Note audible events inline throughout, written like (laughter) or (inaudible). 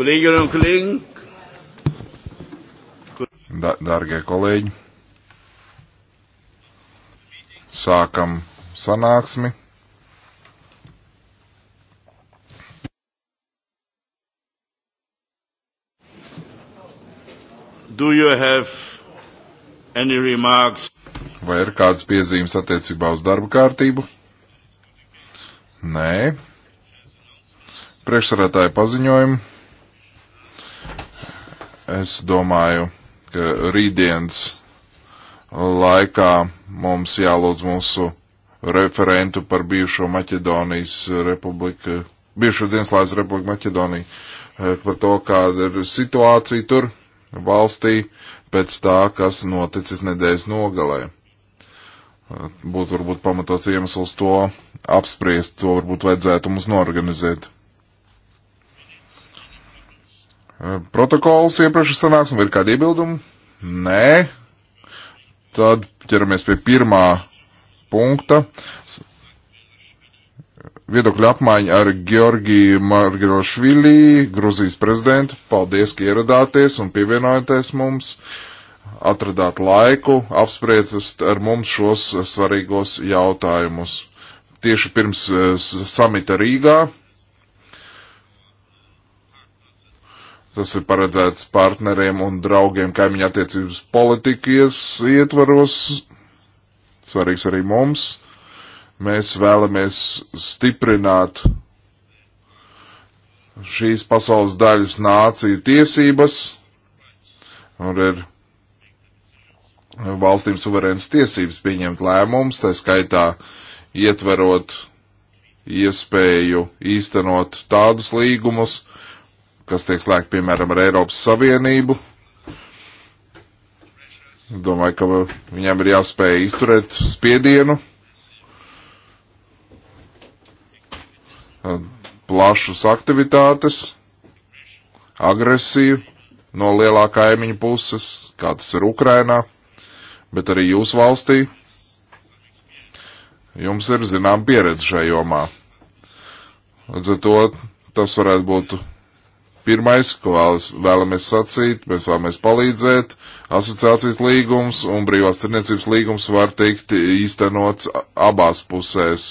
Kolleginnen und Kollegen. Da, dargie kolēģi, sākam sanāksmi. Do you have any remarks? Vai ir kādas piezīmes attiecībā uz darba kārtību? Nē. Priekšsarētāja paziņojumu. Es domāju, ka rītdienas laikā mums jālūdz mūsu referentu par bijušo Maķedonijas republiku, bijušo Dienslādes republiku Maķedoniju, eh, par to, kāda ir situācija tur valstī pēc tā, kas noticis nedēļas nogalē. Eh, būtu varbūt pamatots iemesls to apspriest, to varbūt vajadzētu mums norganizēt protokols iepriekšējā sanāksmē, vai ir kādi iebildumi? Nē. Tad ķeramies pie pirmā punkta. Viedokļa apmaiņa ar Georgiju Margirošvili, Gruzijas prezidentu. Paldies, ka ieradāties un pievienojaties mums, atradāt laiku, apspriest ar mums šos svarīgos jautājumus. Tieši pirms eh, samita Rīgā Tas ir paredzēts partneriem un draugiem kaimiņa attiecības politikas ietvaros. Svarīgs arī mums. Mēs vēlamies stiprināt šīs pasaules daļas nāciju tiesības, un ir valstīm suverēnas tiesības pieņemt lēmumus, tā skaitā ietverot iespēju īstenot tādus līgumus, kas tiek slēgt, piemēram, ar Eiropas Savienību. Domāju, ka viņam ir jāspēj izturēt spiedienu. plašas aktivitātes, agresiju no lielā kaimiņa puses, kā tas ir Ukrainā, bet arī jūsu valstī. Jums ir zinām pieredze šajā jomā. Līdz ar to tas varētu būt Pirmais, ko vēlamies sacīt, mēs vēlamies palīdzēt, asociācijas līgums un brīvās tirniecības līgums var tikt īstenots abās pusēs.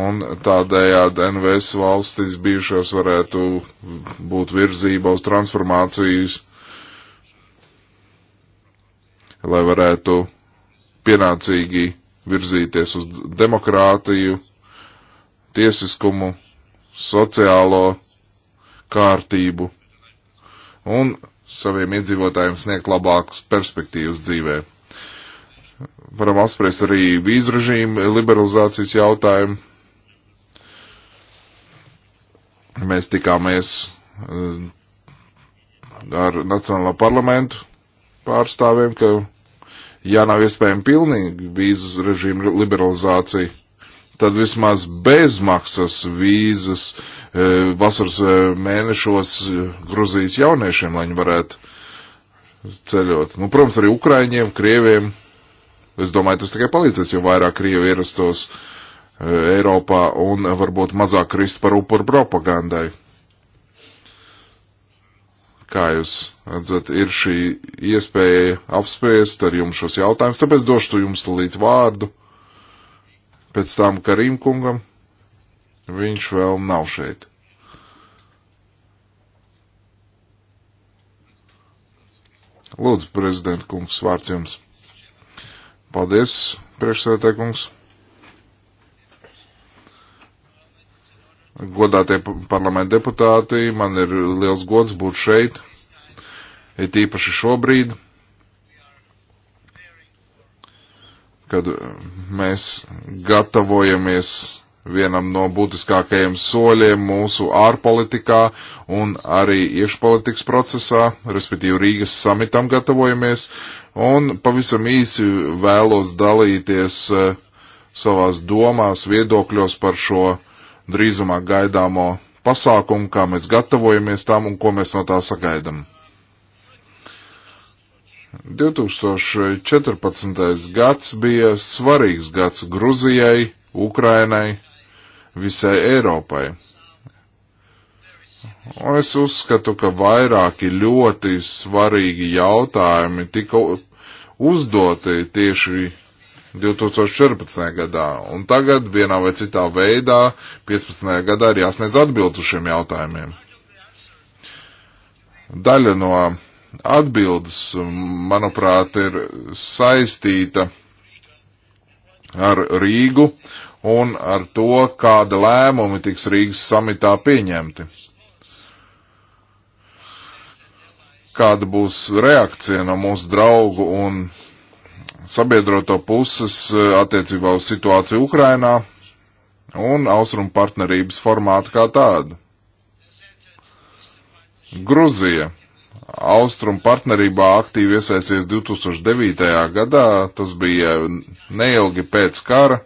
Un tādējādi NVS valstīs bijušās varētu būt virzība uz transformācijas, lai varētu pienācīgi virzīties uz demokrātiju, tiesiskumu, sociālo kārtību un saviem iedzīvotājiem sniegt labākas perspektīvas dzīvē. Varam apspriest arī vīzu režīmu liberalizācijas jautājumu. Mēs tikāmies eh, ar Nacionālo parlamentu pārstāvjiem, ka ja nav iespējama pilnīga vīzas režīma liberalizācija, tad vismaz bezmaksas vīzas e, vasaras e, mēnešos e, Gruzijas jauniešiem, lai viņi varētu ceļot. Nu, protams, arī Ukraiņiem, Krieviem. Es domāju, tas tikai palīdzēs, jo vairāk Krievi ierastos Eiropā un varbūt mazāk krist par upuru propagandai. Kā jūs redzat, ir šī iespēja apspriest ar jums šos jautājumus, tāpēc došu jums tūlīt vārdu pēc tam Karim kungam. Viņš vēl nav šeit. Lūdzu, prezident kungs, vārds jums. Paldies, priekšsēdētāj kungs. Godātie parlamenta deputāti, man ir liels gods būt šeit, it īpaši šobrīd. kad mēs gatavojamies vienam no būtiskākajiem soļiem mūsu ārpolitikā un arī iekšpolitikas procesā, respektīvi Rīgas samitam gatavojamies, un pavisam īsi vēlos dalīties e, savās domās, viedokļos par šo drīzumā gaidāmo pasākumu, kā mēs gatavojamies tam un ko mēs no tā sagaidām. 2014. gads bija svarīgs gads Gruzijai, Ukrainai, visai Eiropai. Un es uzskatu, ka vairāki ļoti svarīgi jautājumi tika uzdoti tieši 2014. gadā, un tagad vienā vai citā veidā 15. gadā ir jāsniedz atbildes uz šiem jautājumiem. Daļa no atbildes, um, manuprāt, ir saistīta ar Rīgu un ar to, kāda lēmumi tiks Rīgas samitā pieņemti. Kāda būs reakcija no mūsu draugu un sabiedroto puses uh, attiecībā uz situāciju Ukrainā un austrumu partnerības formātu kā tādu. Gruzija. Austrum partnerībā aktīvi iesaisties 2009. gadā, tas bija neilgi pēc kara,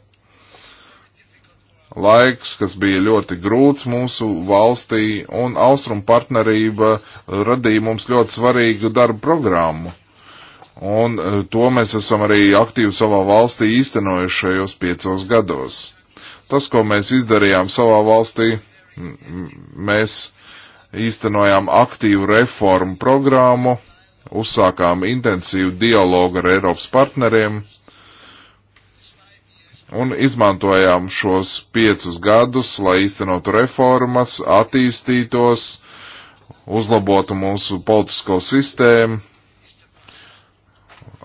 laiks, kas bija ļoti grūts mūsu valstī, un Austrum partnerība radīja mums ļoti svarīgu darbu programmu. Un e, to mēs esam arī aktīvi savā valstī īstenojuši šajos piecos gados. Tas, ko mēs izdarījām savā valstī, mēs īstenojām aktīvu reformu programmu, uzsākām intensīvu dialogu ar Eiropas partneriem un izmantojām šos piecus gadus, lai īstenotu reformas, attīstītos, uzlabotu mūsu politisko sistēmu,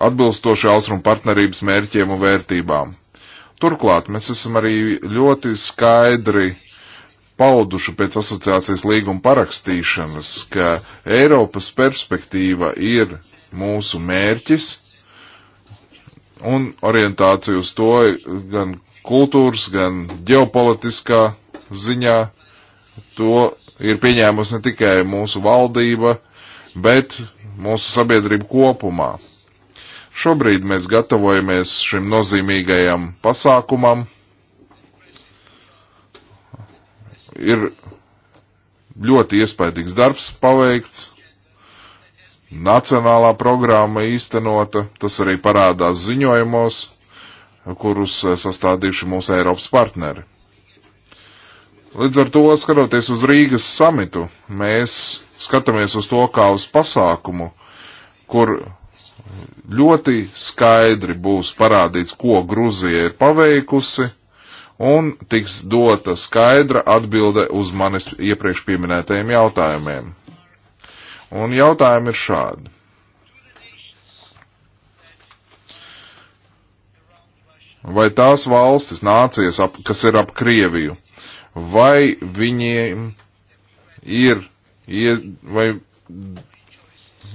atbilstoši austrumu partnerības mērķiem un vērtībām. Turklāt mēs esam arī ļoti skaidri pauduši pēc asociācijas līguma parakstīšanas, ka Eiropas perspektīva ir mūsu mērķis un orientācija uz to gan kultūras, gan ģeopolitiskā ziņā. To ir pieņēmusi ne tikai mūsu valdība, bet mūsu sabiedrība kopumā. Šobrīd mēs gatavojamies šim nozīmīgajam pasākumam Ir ļoti iespaidīgs darbs paveikts, nacionālā programma īstenota, tas arī parādās ziņojumos, kurus sastādījuši mūsu Eiropas partneri. Līdz ar to, skatoties uz Rīgas samitu, mēs skatāmies uz to kā uz pasākumu, kur ļoti skaidri būs parādīts, ko Gruzija ir paveikusi, un tiks dota skaidra atbilde uz manis iepriekš pieminētajiem jautājumiem. Un jautājumi ir šādi. Vai tās valstis, nācijas, ap, kas ir ap Krieviju, vai viņiem ir, vai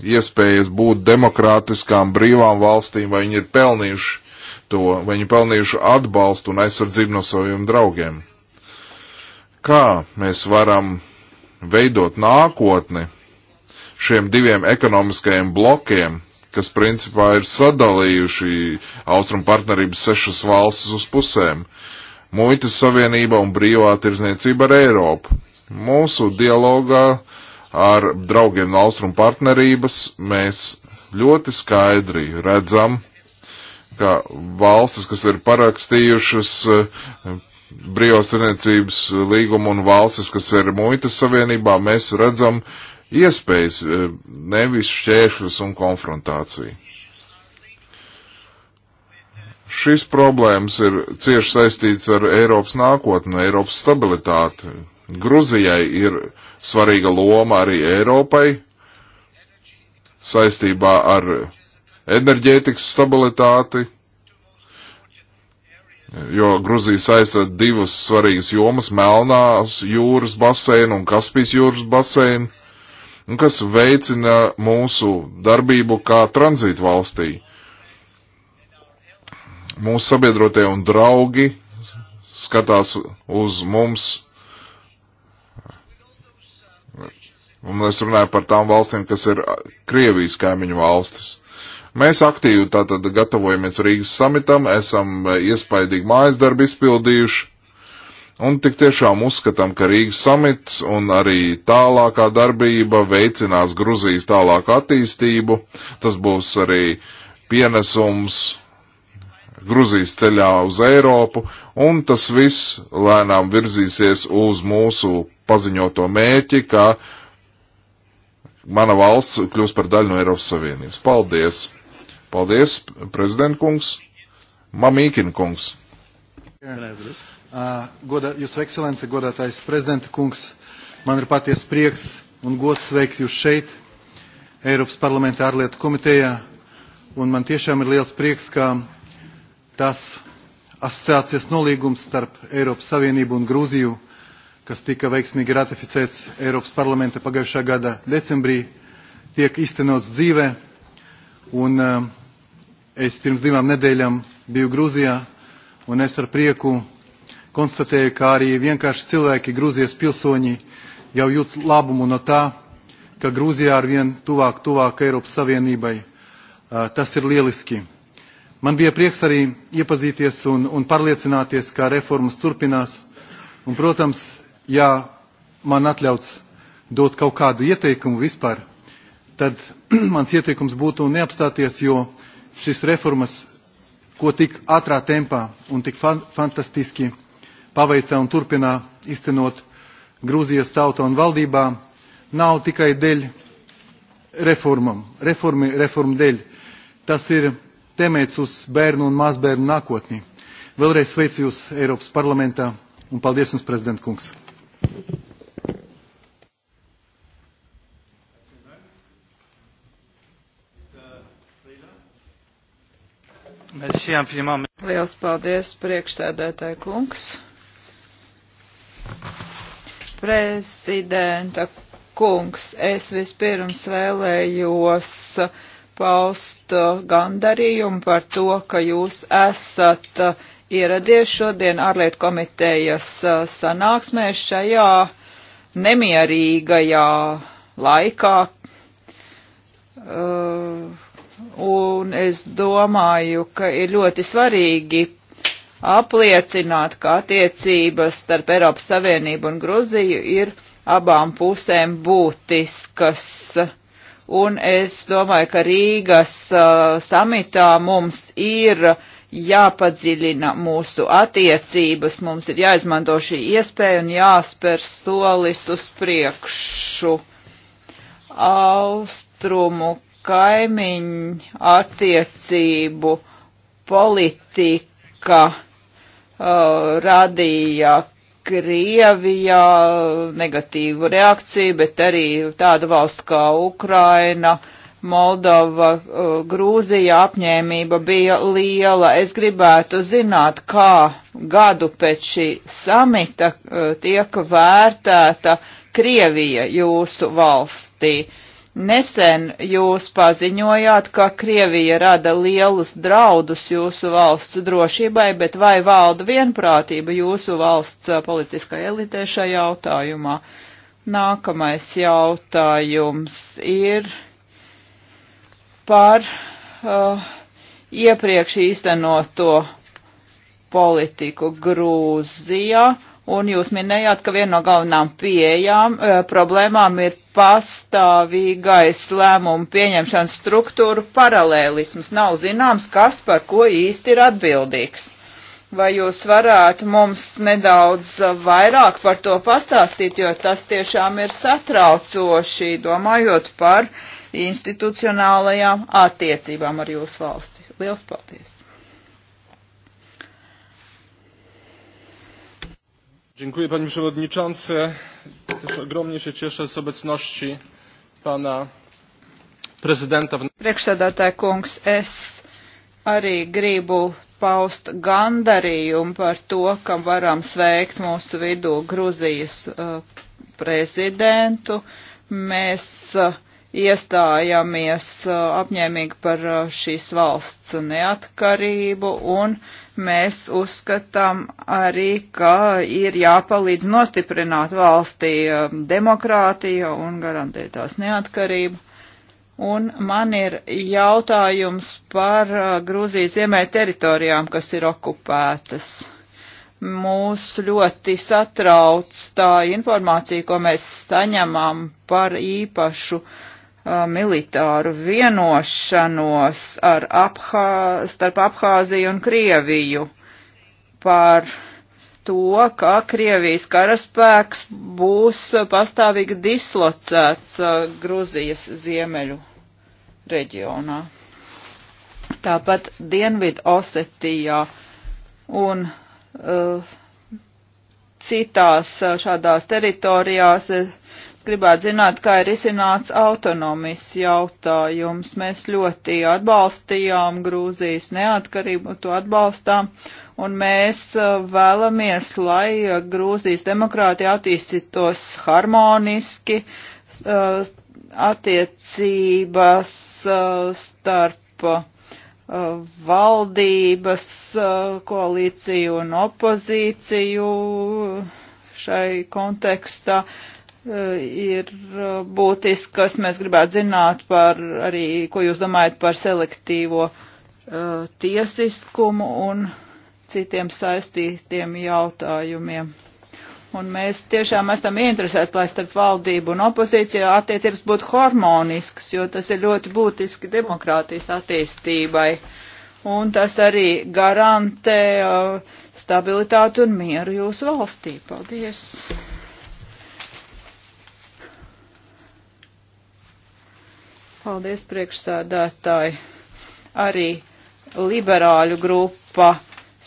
iespējas būt demokrātiskām, brīvām valstīm, vai viņi ir pelnījuši to, vai viņi pelnījuši atbalstu un aizsardzību no saviem draugiem. Kā mēs varam veidot nākotni šiem diviem ekonomiskajiem blokiem, kas principā ir sadalījuši austrumu partnerības sešas valstis uz pusēm - muitas savienība un brīvā tirzniecība ar Eiropu. Mūsu dialogā ar draugiem no austrumu partnerības mēs ļoti skaidri redzam, ka valstis, kas ir parakstījušas eh, brīvās tirniecības līgumu un valstis, kas ir muitas savienībā, mēs redzam iespējas, eh, nevis šķēršļus un konfrontāciju. Šis problēmas ir cieši saistīts ar Eiropas nākotni, Eiropas stabilitāti. Gruzijai ir svarīga loma arī Eiropai saistībā ar enerģētikas stabilitāti, jo Gruzija saista divas svarīgas jomas - Melnās jūras baseinu un Kaspijas jūras baseinu, un kas veicina mūsu darbību kā tranzītu valstī. Mūsu sabiedrotie un draugi skatās uz mums Un es runāju par tām valstīm, kas ir Krievijas kaimiņu valstis. Mēs aktīvi tātad gatavojamies Rīgas samitam, esam e, iespaidīgi mājas darbu izpildījuši. Un tik tiešām uzskatām, ka Rīgas samits un arī tālākā darbība veicinās Gruzijas tālāku attīstību. Tas būs arī pienesums Gruzijas ceļā uz Eiropu, un tas viss lēnām virzīsies uz mūsu paziņoto mēķi, ka mana valsts kļūs par daļu no Eiropas Savienības. Paldies! Paldies, prezidentkungs. Mamīkina kungs. Uh, Godā, jūsu ekscelence, godātais prezidenta kungs, man ir paties prieks un gods sveikt jūs šeit, Eiropas parlamenta ārlietu komitejā, un man tiešām ir liels prieks, ka tas asociācijas nolīgums starp Eiropas Savienību un Grūziju, kas tika veiksmīgi ratificēts Eiropas parlamenta pagājušā gada decembrī, tiek iztenots dzīvē, un uh, Es pirms divām nedēļām biju Grūzijā, un es ar prieku konstatēju, ka arī vienkārši cilvēki, Grūzijas pilsoņi, jau jūt labumu no tā, ka Grūzijā ar vien tuvāk, tuvāk Eiropas Savienībai. Tas ir lieliski. Man bija prieks arī iepazīties un, un pārliecināties, kā reformas turpinās. Un, protams, ja man atļauts dot kaut kādu ieteikumu vispār, tad (clears throat) mans ieteikums būtu neapstāties, jo šis reformas, ko tik ātrā tempā un tik fan fantastiski paveicā un turpinā iztenot Grūzijas tauta un valdībā, nav tikai dēļ reformam, reformi, reformu dēļ. Tas ir temēts uz bērnu un mazbērnu nākotni. Vēlreiz sveicu jūs Eiropas parlamentā un paldies jums, prezident kungs. Liels paldies, priekšsēdētāji kungs. Prezidenta kungs, es vispirms vēlējos paust gandarījumu par to, ka jūs esat ieradies šodien ārlietu komitejas sanāksmē šajā nemierīgajā laikā. Uh, un es domāju, ka ir ļoti svarīgi apliecināt, ka attiecības starp Eiropas Savienību un Gruziju ir abām pusēm būtiskas. Un es domāju, ka Rīgas uh, samitā mums ir jāpadziļina mūsu attiecības, mums ir jāizmanto šī iespēja un jāspēr solis uz priekšu. Austrumu kaimiņu attiecību politika uh, radīja Krievijā negatīvu reakciju, bet arī tāda valsts kā Ukraina, Moldova, uh, Grūzija apņēmība bija liela. Es gribētu zināt, kā gadu pēc šī samita uh, tiek vērtēta Krievija jūsu valstī. Uh, Nesen jūs paziņojāt, ka Krievija rada lielus draudus jūsu valsts drošībai, bet vai valda vienprātība jūsu valsts politiskai elitē šajā jautājumā? Nākamais jautājums ir par uh, iepriekš īstenoto politiku Grūzijā. Uh, Un jūs minējāt, ka viena no galvenām pieejām e, problēmām ir pastāvīgais lēmumu pieņemšanas struktūru paralēlisms. Nav zināms, kas par ko īsti ir atbildīgs. Vai jūs varētu mums nedaudz vairāk par to pastāstīt, jo tas tiešām ir satraucoši, domājot par institucionālajām attiecībām ar jūsu valsti. Liels paldies! Dziękuję panie przewodniczący. Też ogromnie się cieszę z obecności pana prezydenta. Priekšsēdētāja kungs, es arī gribu paust gandarījumu par to, ka varam sveikt mūsu vidū Gruzijas uh, prezidentu. Mēs uh, iestājamies uh, apņēmīgi par uh, šīs valsts neatkarību un mēs uzskatām arī, ka ir jāpalīdz nostiprināt valstī um, demokrātiju un garantēt tās neatkarību. Un man ir jautājums par uh, Grūzijas iemē teritorijām, kas ir okupētas. Mūs ļoti satrauc tā informācija, ko mēs saņemam par īpašu uh, Uh, militāru vienošanos ar Abhā, starp Abhāziju un Krieviju par to, ka Krievijas karaspēks būs pastāvīgi dislocēts uh, Gruzijas ziemeļu reģionā. Tāpat Dienvidu Osetijā un uh, citās uh, šādās teritorijās gribētu zināt, kā ir izcināts autonomijas jautājums. Mēs ļoti atbalstījām Grūzijas neatkarību, to atbalstām, un mēs uh, vēlamies, lai uh, Grūzijas demokrātija attīstītos harmoniski, uh, attiecības starp valdības koalīciju un opozīciju šai kontekstā. Uh, Eh, ir eh, būtiskas. Mēs gribētu zināt par arī, ko jūs domājat par selektīvo uh, tiesiskumu un citiem saistītiem jautājumiem. Un mēs tiešām esam ieinteresēti, lai starp valdību un opozīciju attiecības būtu harmoniskas, jo tas ir ļoti būtiski demokrātijas attīstībai. Un tas arī garantē uh, stabilitāti un mieru jūsu valstī. Paldies! Paldies, priekšsādātāji. Arī liberāļu grupa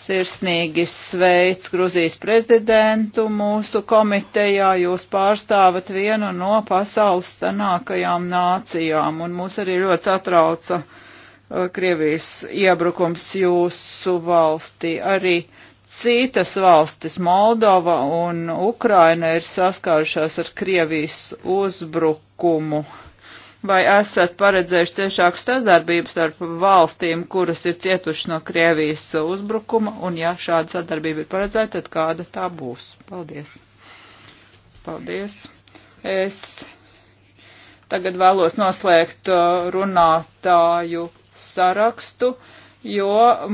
sirsnīgi sveic Gruzijas prezidentu mūsu komitejā. Jūs pārstāvat vienu no pasaules senākajām nācijām, un mūs arī ļoti satrauca uh, Krievijas iebrukums jūsu valstī. Arī citas valstis, Moldova un Ukraina, ir saskārušās ar Krievijas uzbrukumu Vai esat paredzējuši ciešāku sadarbību starp valstīm, kuras ir cietuši no Krievijas uzbrukuma, un ja šāda sadarbība ir paredzēta, tad kāda tā būs? Paldies! Paldies! Es tagad vēlos noslēgt uh, runātāju sarakstu, jo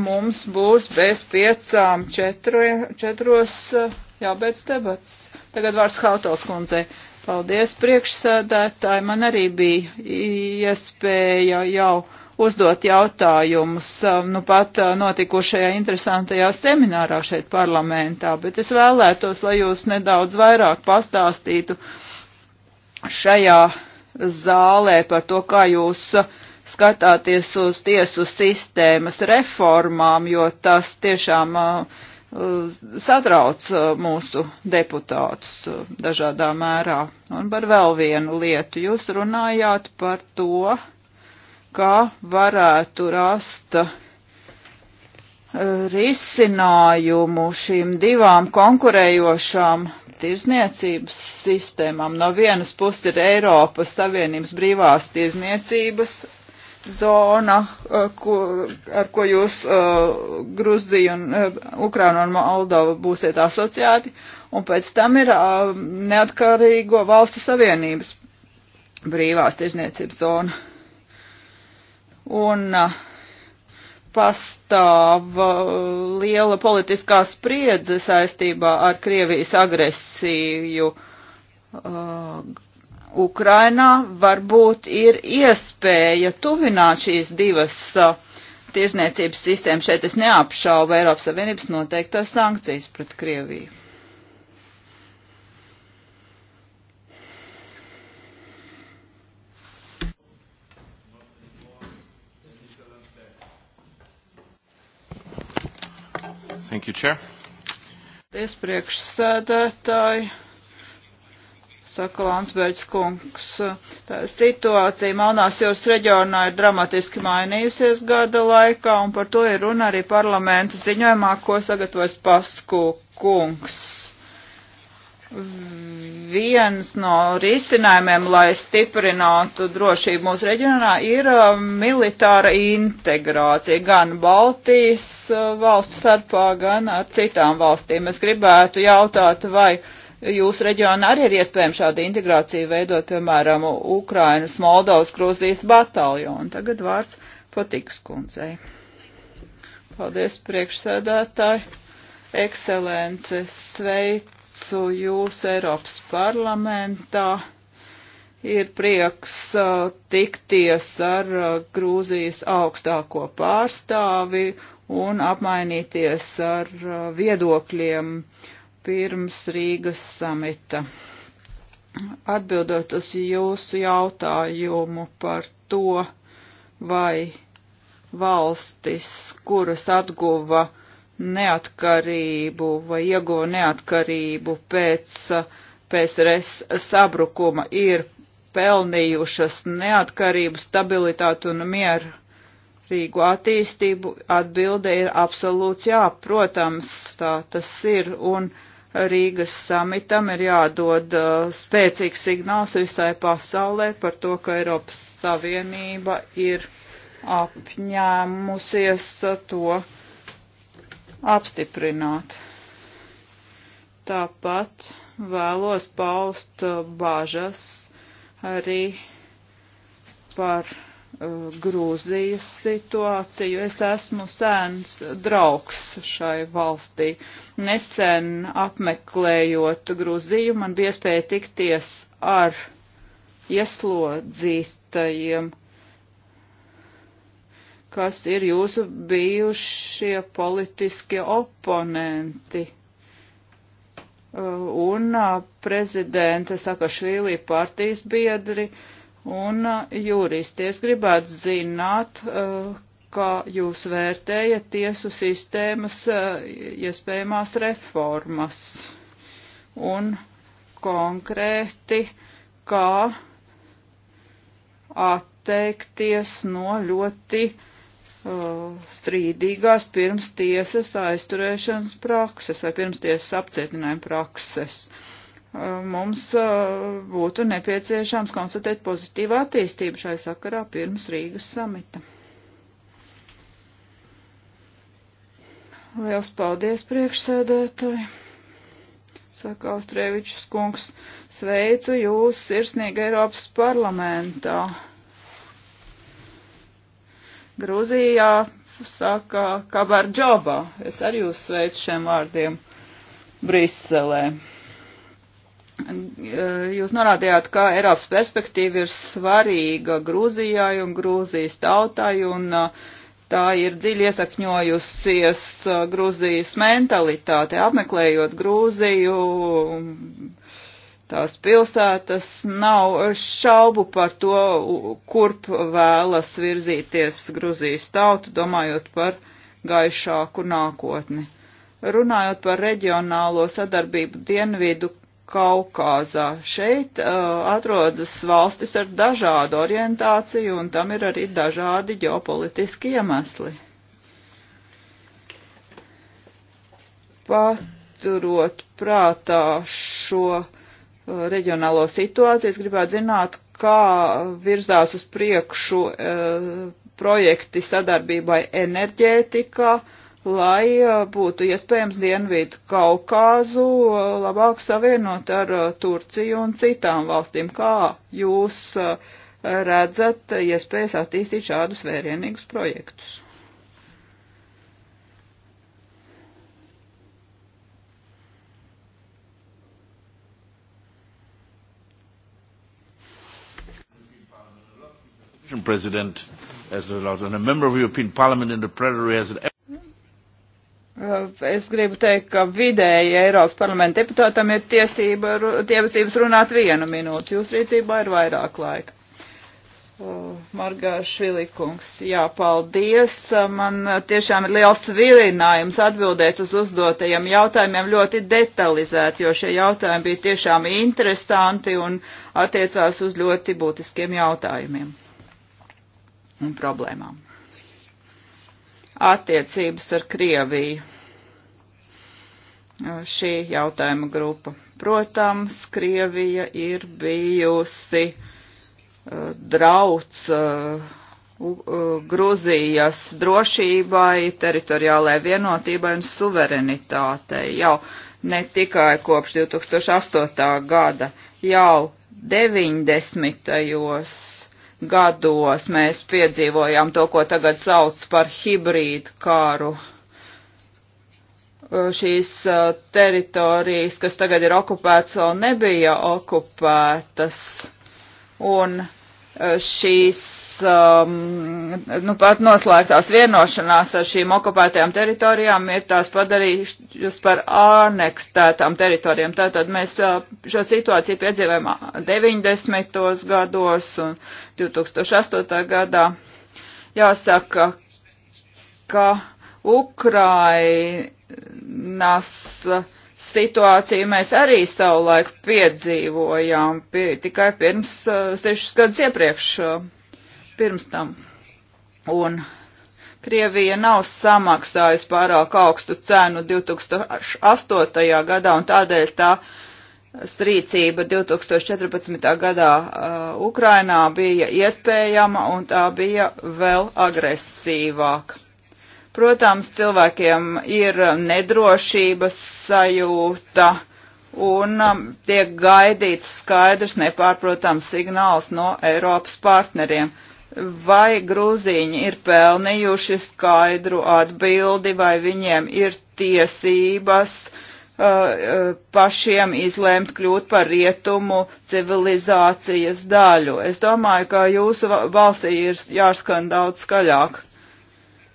mums būs bez piecām četro, četros uh, jābeidz debats. Tagad vārds Hautals kundzei. Paldies priekšsēdētāji. Man arī bija iespēja jau uzdot jautājumus um, nu pat uh, notikušajā interesantajā seminārā šeit parlamentā, bet es vēlētos, lai jūs nedaudz vairāk pastāstītu šajā zālē par to, kā jūs uh, skatāties uz tiesu sistēmas reformām, jo tas tiešām uh, satrauc uh, mūsu deputātus uh, dažādā mērā. Un par vēl vienu lietu. Jūs runājāt par to, kā varētu rast uh, risinājumu šīm divām konkurējošām tirzniecības sistēmām. No vienas puses ir Eiropas Savienības brīvās tirzniecības zona, uh, ko, ar ko jūs uh, Gruzija un uh, Ukraina un Moldova būsiet asociēti, un pēc tam ir uh, neatkarīgo valstu savienības brīvās tirzniecības zona. Un uh, pastāv uh, liela politiskā spriedze saistībā ar Krievijas agresiju uh, Ukrainā varbūt ir iespēja tuvināt šīs divas uh, tiesniecības sistēmas. Šeit es neapšaubu Eiropas Savienības noteiktās sankcijas pret Krieviju. Thank you, Chair. Paldies, priekšsēdētāji saka Landsbērģis kungs. Situācija Melnās jūras reģionā ir dramatiski mainījusies gada laikā, un par to ir runa arī parlamenta ziņojumā, ko sagatavojas Pasku kungs. Viens no risinājumiem, lai stiprinātu drošību mūsu reģionā, ir um, militāra integrācija gan Baltijas uh, valstu starpā, gan ar citām valstīm. Es gribētu jautāt, vai uh, jūsu reģionā arī ir iespējama šāda integrācija veidot, piemēram, Ukrainas, Moldovas, Grūzijas bataljonu. Tagad vārds Patiks kundzei. Paldies, priekšsēdētāji. Ekscelence, sveicu jūs Eiropas parlamentā. Ir prieks uh, tikties ar uh, Grūzijas augstāko pārstāvi un apmainīties ar uh, viedokļiem uh, pirms Rīgas samita. Atbildot uz jūsu jautājumu par to, vai valstis, kuras atguva neatkarību vai ieguva neatkarību pēc PSRS sabrukuma, ir pelnījušas neatkarību, stabilitātu un mieru Rīgu attīstību, atbilde ir absolūts jā, protams, tā tas ir, un Rīgas samitam ir jādod uh, spēcīgs signāls visai pasaulē par to, ka Eiropas Savienība ir apņēmusies uh, to apstiprināt. Tāpat vēlos paust uh, bāžas arī par Grūzijas situāciju. Es esmu sēns draugs šai valstī. Nesen apmeklējot Grūziju, man bija iespēja tikties ar ieslodzītajiem, kas ir jūsu bijušie politiskie oponenti. Uh, un uh, prezidenta Sakašvīlī partijas biedri uh, un uh, juristi. Es gribētu zināt, uh, kā jūs vērtējat tiesu sistēmas uh, iespējamās reformas un konkrēti, kā atteikties no ļoti strīdīgās pirms tiesas aizturēšanas prakses vai pirms tiesas apcietinājuma prakses. Uh, mums būtu nepieciešams konstatēt pozitīvu attīstību šai sakarā pirms Rīgas samita. Liels paldies priekšsēdētāji! Saka Austrievičs kungs, sveicu jūs sirsnīgi Eiropas parlamentā. Grūzijā saka Kabardžobā. Es arī jūs sveicu šiem vārdiem Briselē. Jūs norādījāt, ka Eiropas perspektīva ir svarīga Grūzijai un Grūzijas tautai, un uh, tā ir dziļi iesakņojusies uh, Grūzijas mentalitāte. Apmeklējot Grūziju, tās pilsētas, nav šaubu par to, kurp vēlas virzīties Grūzijas tauta, domājot par gaišāku nākotni. Runājot par reģionālo sadarbību dienvidu Kaukāzā. Šeit uh, atrodas valstis ar dažādu orientāciju, un tam ir arī dažādi ģeopolitiski iemesli. Paturot prātā šo uh, reģionālo situāciju, es gribētu zināt, kā virzās uz priekšu uh, projekti sadarbībai enerģētikā, uh, lai uh, būtu iespējams Dienvidu Kaukāzu uh, labāk savienot ar uh, Turciju un citām valstīm. Kā jūs redzat iespējas attīstīt šādus vērienīgus projektus? President as a member of the European Parliament in the plenary as an Eh, es gribu teikt, ka vidēji Eiropas parlamenta deputātam ir tiesība, tiesības runāt vienu minūti. Jūs rīcībā ir vairāk laika. Eh, Margārs Švilikungs, jā, paldies. Eh, man tiešām ir liels vilinājums atbildēt uz uzdotajiem jautājumiem ļoti detalizēt, jo šie jautājumi bija tiešām interesanti un attiecās uz ļoti būtiskiem jautājumiem un problēmām attiecības ar Krieviju. Šī jautājuma grupa. Protams, Krievija ir bijusi uh, drauds uh, Gruzijas drošībai, teritoriālajai vienotībai un suverenitātei. Jau ne tikai kopš 2008. gada, jau 90. gados gados mēs piedzīvojām to, ko tagad sauc par hibrīdu kāru. Uh, šīs uh, teritorijas, kas tagad ir okupētas, vēl nebija okupētas. Un šīs um, nu, pat noslēgtās vienošanās ar šīm okupētajām teritorijām ir tās padarījušas par ārnekstētām teritorijām. Tātad mēs uh, šo situāciju piedzīvējām 90. gados un 2008. gadā. Jāsaka, ka Ukrainas situāciju mēs arī savulaik piedzīvojām pie, tikai pirms uh, sešus gadus iepriekš, uh, pirms tam. Un Krievija nav samaksājusi pārāk augstu cenu 2008. gadā un tādēļ tā rīcība 2014. gadā uh, Ukrainā bija iespējama un tā bija vēl agresīvāka. Protams, cilvēkiem ir um, nedrošības sajūta un um, tiek gaidīts skaidrs, nepārprotams signāls no Eiropas partneriem. Vai grūzīņi ir pelnījuši skaidru atbildi, vai viņiem ir tiesības uh, uh, pašiem izlēmt kļūt par rietumu civilizācijas daļu. Es domāju, ka jūsu valstī ir jāskan daudz skaļāk.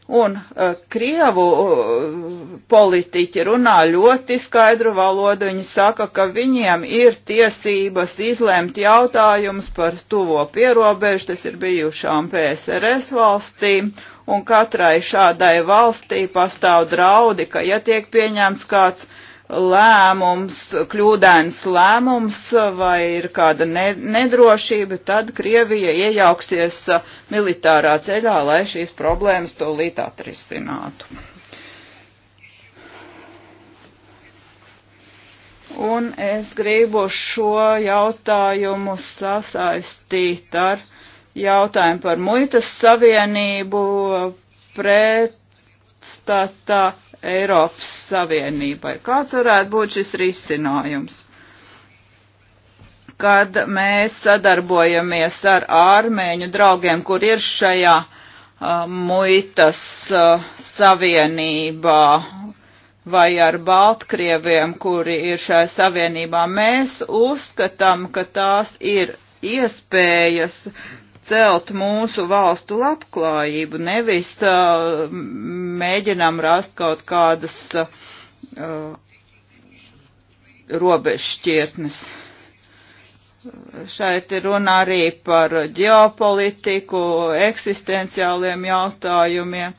Un uh, krievu uh, politiķi runā ļoti skaidru valodu. Viņi saka, ka viņiem ir tiesības izlēmt jautājumus par tuvo pierobežu, tas ir bijušām PSRS valstīm, un katrai šādai valstī pastāv draudi, ka ja tiek pieņemts kāds lēmums, kļūdains lēmums vai ir kāda nedrošība, tad Krievija iejauksies militārā ceļā, lai šīs problēmas tūlīt atrisinātu. Un es gribu šo jautājumu sasaistīt ar jautājumu par muitas savienību pretstatā Eiropas Savienībai. Kāds varētu būt šis risinājums? Kad mēs sadarbojamies ar ārmēņu draugiem, kur ir šajā uh, muitas uh, savienībā vai ar Baltkrieviem, kuri ir šajā savienībā, mēs uzskatām, ka tās ir iespējas celt mūsu valstu labklājību, nevis uh, mēģinām rast kaut kādas uh, robežšķirtnes. Šeit ir runa arī par ģeopolitiku, eksistenciāliem jautājumiem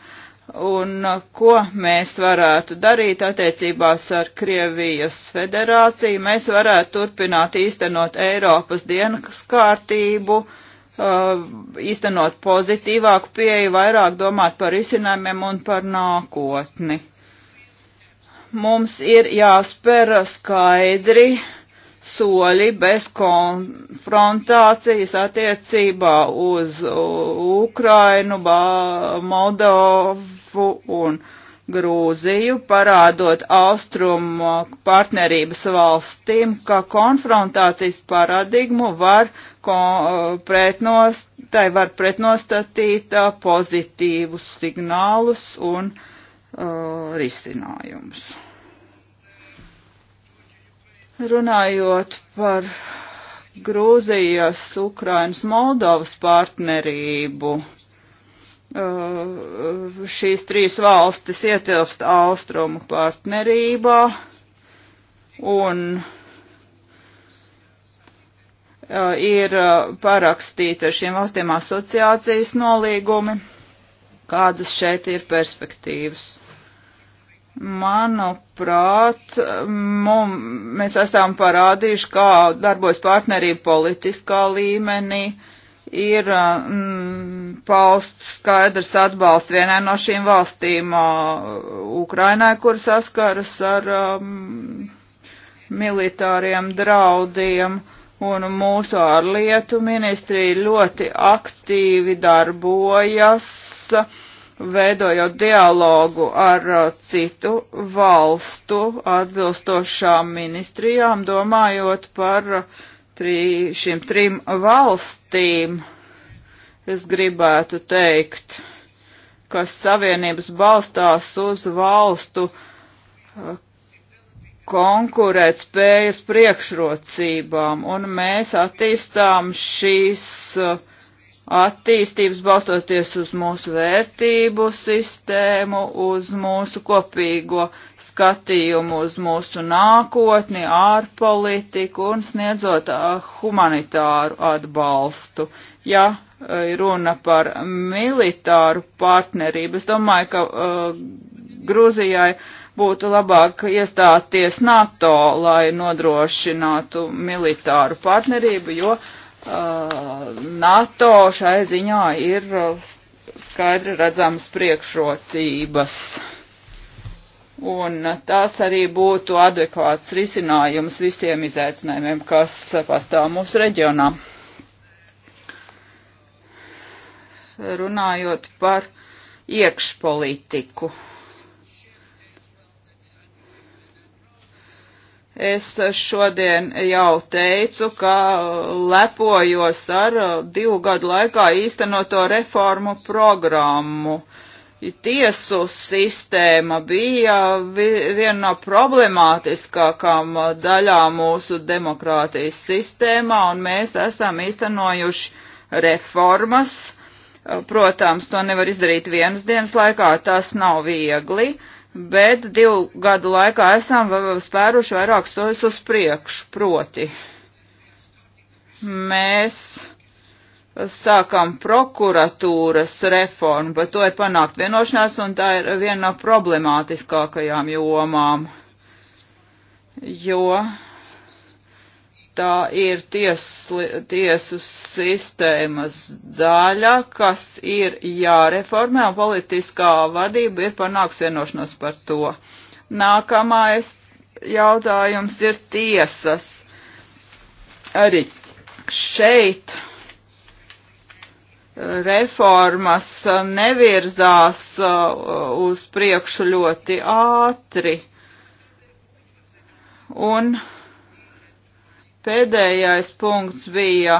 un uh, ko mēs varētu darīt attiecībās ar Krievijas federāciju. Mēs varētu turpināt īstenot Eiropas dienas kārtību, uh, īstenot uh, pozitīvāku pieeju, vairāk domāt par izcinājumiem un par nākotni. Mums ir jāspēr skaidri soļi bez konfrontācijas attiecībā uz Ukrainu, Moldovu un Ukrainu Grūziju, parādot austrumu partnerības valstīm, ka konfrontācijas paradigmu var, kon, pretnost, tai var pretnostatīt uh, pozitīvus signālus un uh, risinājumus. Runājot par Grūzijas, Ukrainas, Moldovas partnerību, uh, Uh, šīs trīs valstis ietilpst austrumu partnerībā un uh, ir uh, parakstīti ar šīm valstīm asociācijas nolīgumi, kādas šeit ir perspektīvas. Manuprāt, mum, mēs esam parādījuši, kā darbojas partnerība politiskā līmenī, uh, ir uh, mm, pausts skaidrs atbalsts vienai no šīm valstīm uh, Ukrainai, kur saskaras ar um, militāriem draudiem, un mūsu ārlietu ministrija ļoti aktīvi darbojas, veidojot dialogu ar uh, citu valstu atbilstošām ministrijām, domājot par uh, tri, šīm trim valstīm, es gribētu teikt, kas savienības balstās uz valstu eh, konkurēt spējas priekšrocībām, un mēs attīstām šīs uh, attīstības, balstoties uz mūsu vērtību sistēmu, uz mūsu kopīgo skatījumu, uz mūsu nākotni, ārpolitiku un sniedzot humanitāru atbalstu. Ja runa par militāru partnerību, es domāju, ka uh, Grūzijai būtu labāk iestāties NATO, lai nodrošinātu militāru partnerību, jo uh, Uh, NATO šai ziņā ir uh, skaidri redzamas priekšrocības. Un tas arī būtu adekvāts risinājums visiem izaicinājumiem, kas pastāv mūsu reģionā. Runājot par iekšpolitiku. Es šodien jau teicu, ka lepojos ar uh, divu gadu laikā īstenoto reformu programmu. Tiesu sistēma bija viena no problemātiskākām daļām mūsu demokrātijas sistēmā, un mēs esam īstenojuši reformas. Protams, to nevar izdarīt vienas dienas laikā, tas nav viegli bet divu gadu laikā esam spēruši vairākus soļus uz priekšu. Proti, mēs sākam prokuratūras reformu, bet to ir panākt vienošanās, un tā ir viena no problemātiskākajām jomām, jo tā ir tiesli, tiesu sistēmas daļa, kas ir jāreformē, un politiskā vadība ir panāks vienošanos par to. Nākamais jautājums ir tiesas. Arī šeit reformas nevirzās uh, uz priekšu ļoti ātri. Un uh, Pēdējais punkts bija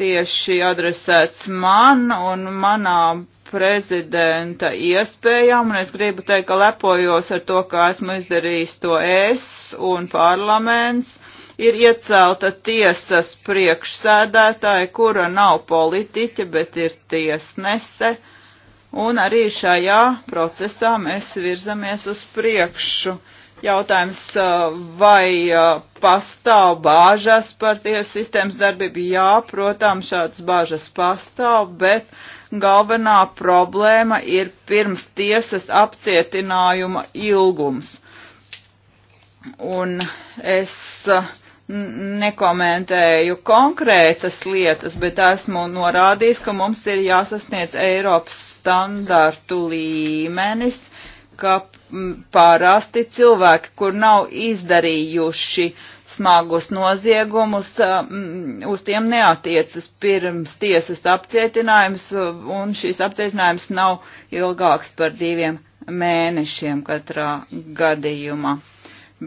tieši adresēts man un manām prezidenta iespējām, un es gribu teikt, ka lepojos ar to, ka esmu izdarījis to es un parlaments. Ir iecelta tiesas priekšsēdētāja, kura nav politiķa, bet ir tiesnese, un arī šajā procesā mēs virzamies uz priekšu. Jautājums, vai pastāv bāžas par tiesu sistēmas darbību? Jā, protams, šādas bāžas pastāv, bet galvenā problēma ir pirms tiesas apcietinājuma ilgums. Un es nekomentēju konkrētas lietas, bet esmu norādījis, ka mums ir jāsasniedz Eiropas standartu līmenis, uh, ka pārāsti cilvēki, kur nav izdarījuši smagus noziegumus, uz tiem neatiecas pirms tiesas apcietinājums, un šīs apcietinājums nav ilgāks par diviem mēnešiem katrā gadījumā.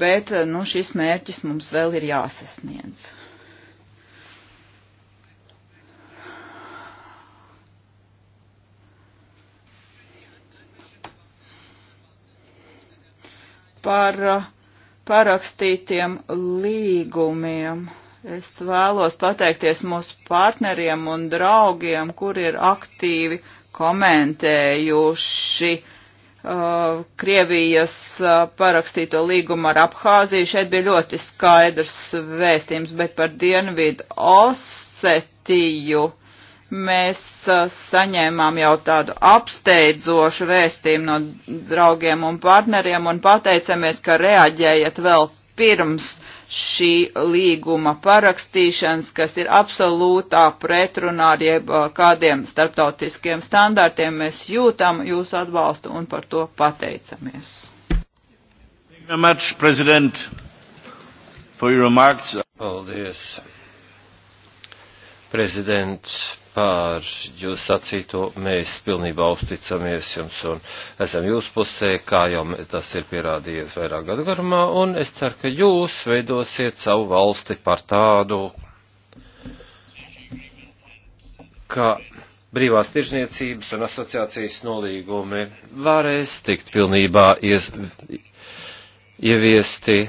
Bet, nu, šis mērķis mums vēl ir jāsasniedz. par uh, parakstītiem līgumiem. Es vēlos pateikties mūsu partneriem un draugiem, kuri ir aktīvi komentējuši uh, Krievijas uh, parakstīto līgumu ar Abhāziju. Šeit bija ļoti skaidrs vēstījums, bet par Dienvidu Osetiju uh, mēs uh, saņēmām jau tādu apsteidzošu vēstījumu no draugiem un partneriem un pateicamies, ka reaģējat vēl pirms šī līguma parakstīšanas, kas ir absolūtā pretrunā ar jeb uh, kādiem starptautiskiem standartiem. Mēs jūtam jūsu atbalstu un par to pateicamies. Much, Paldies, prezidents pār jūs sacīto, mēs pilnībā uzticamies jums un esam jūs pusē, kā jau tas ir pierādījies vairāk gadu garumā, un es ceru, ka jūs veidosiet savu valsti par tādu, ka brīvās tirzniecības un asociācijas nolīgumi varēs tikt pilnībā ies, ieviesti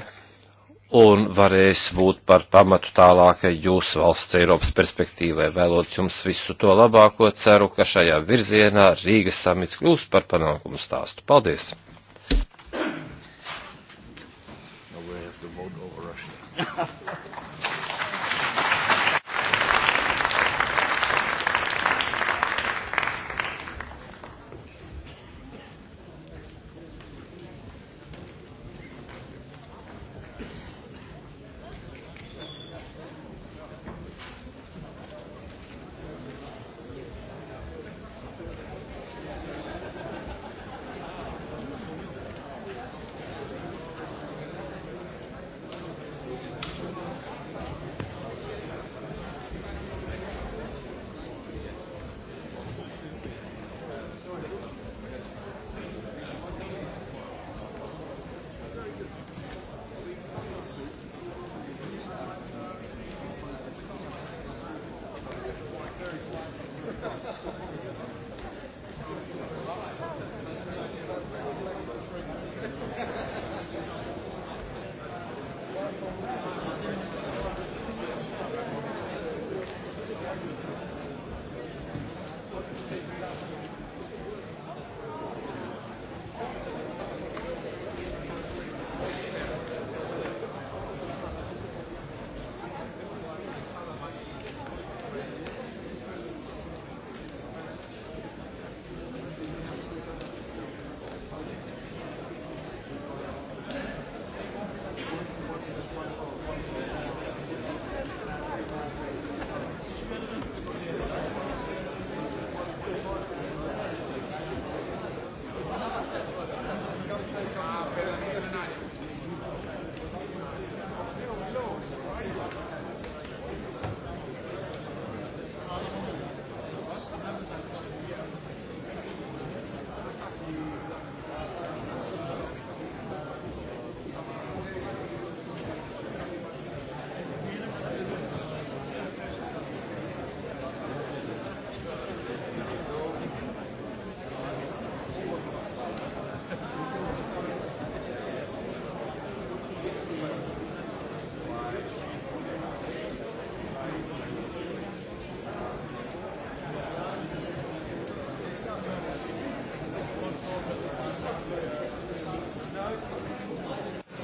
un varēs būt par pamatu tālākai jūsu valsts Eiropas perspektīvai. Vēlot jums visu to labāko, ceru, ka šajā virzienā Rīgas samits kļūs par panākumu stāstu. Paldies! No, (laughs)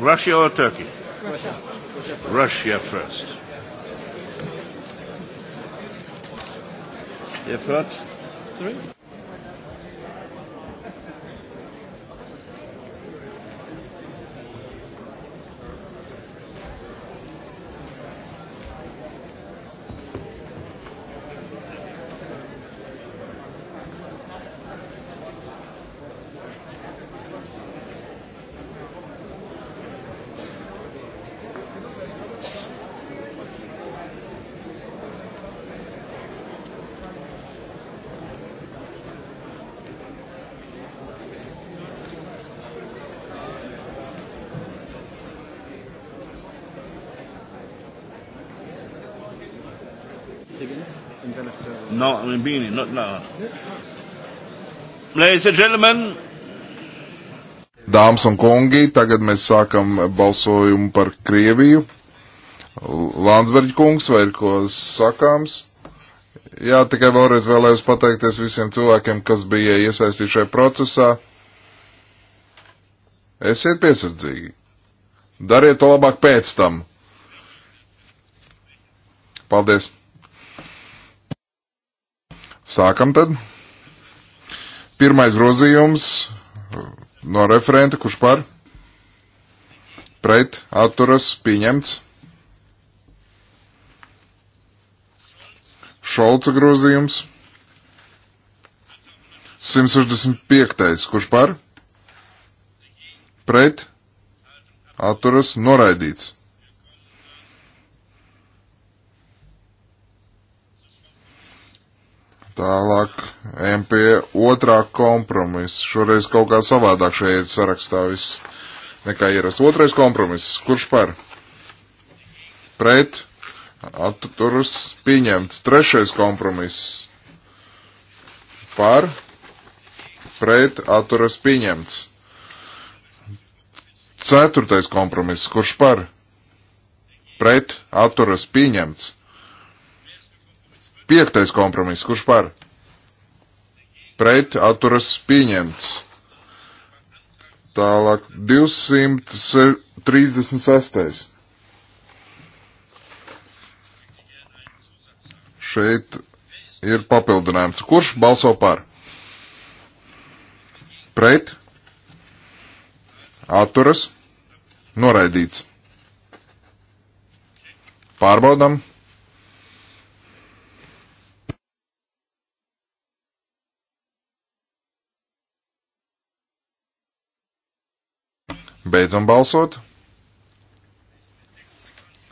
Russia or Turkey? Russia. Russia first. Ihr hört? Sorry? Beanie, not now. Ladies and gentlemen. Dāmas un kungi, tagad mēs sākam balsojumu par Krieviju. Landsbergi kungs, vai ir ko sakāms? Jā, tikai vēlreiz vēlējos pateikties visiem cilvēkiem, kas bija iesaistīti šajā procesā. Esiet piesardzīgi. Dariet to labāk pēc tam. Paldies! Sākam tad. Pirmais grozījums uh, no referenta, kurš par? Pret, atturas, pieņemts. Šolca grozījums. 165. Kurš par? Pret, atturas, noraidīts. Tālāk ejam pie otrā kompromisa. Šoreiz kaut kā savādāk šeit sarakstā viss nekā ierasts. Otrais kompromiss. Kurš par? Pret. Atturas pieņemts. Trešais kompromiss. Par. Pret. Atturas pieņemts. Ceturtais kompromiss. Kurš par? Pret. Atturas pieņemts. Piektais kompromiss, kurš par? Pret atturas pieņemts. Tālāk 236. Šeit ir papildinājums. Kurš balso par? Pret atturas noraidīts. Pārbaudam. Beidzam balsot.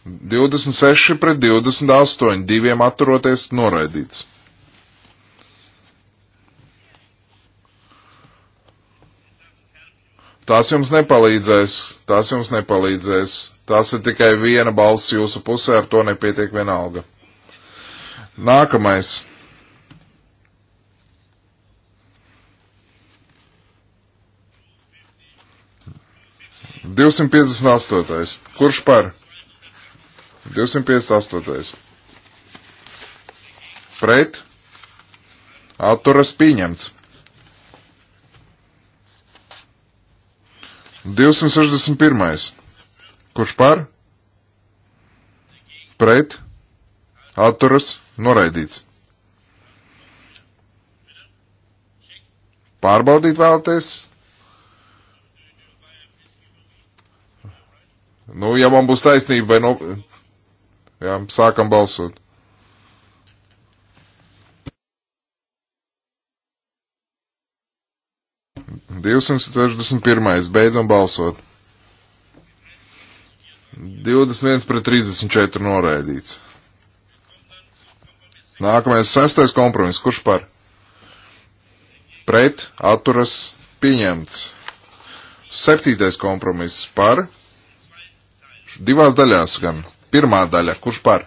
26 pret 28, diviem atturoties noraidīts. Tās jums nepalīdzēs, tās jums nepalīdzēs. Tās ir tikai viena balss jūsu pusē, ar to nepietiek vienalga. Nākamais. 258. Kurš par? 258. Pret? Atturas pieņemts. 261. Kurš par? Pret? Atturas noraidīts. Pārbaudīt vēlaties? Nu, ja man būs taisnība, vai no... Nu, jā, sākam balsot. Divsimt sešdesmit pirmais, beidzam balsot. 21 pret 34 noraidīts. Nākamais sestais kompromiss. Kurš par? Pret, atturas, pieņemts. Septītais kompromiss par, Divās daļās gan. Pirmā daļa, kurš par?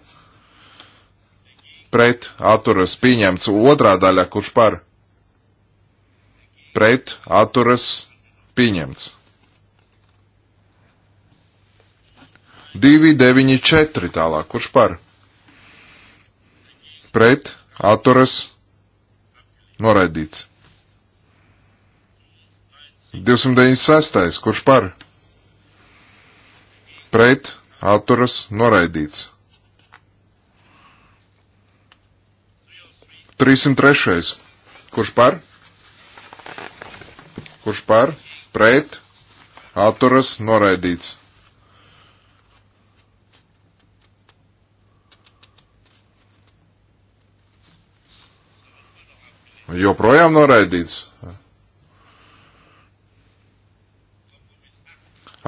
Pret atturas pieņemts. Otrā daļa, kurš par? Pret atturas pieņemts. 294 tālāk, kurš par? Pret atturas noraidīts. 296, kurš par? pret, atturas, noraidīts. 303. Kurš par? Kurš par? Pret, atturas, noraidīts. Joprojām noraidīts.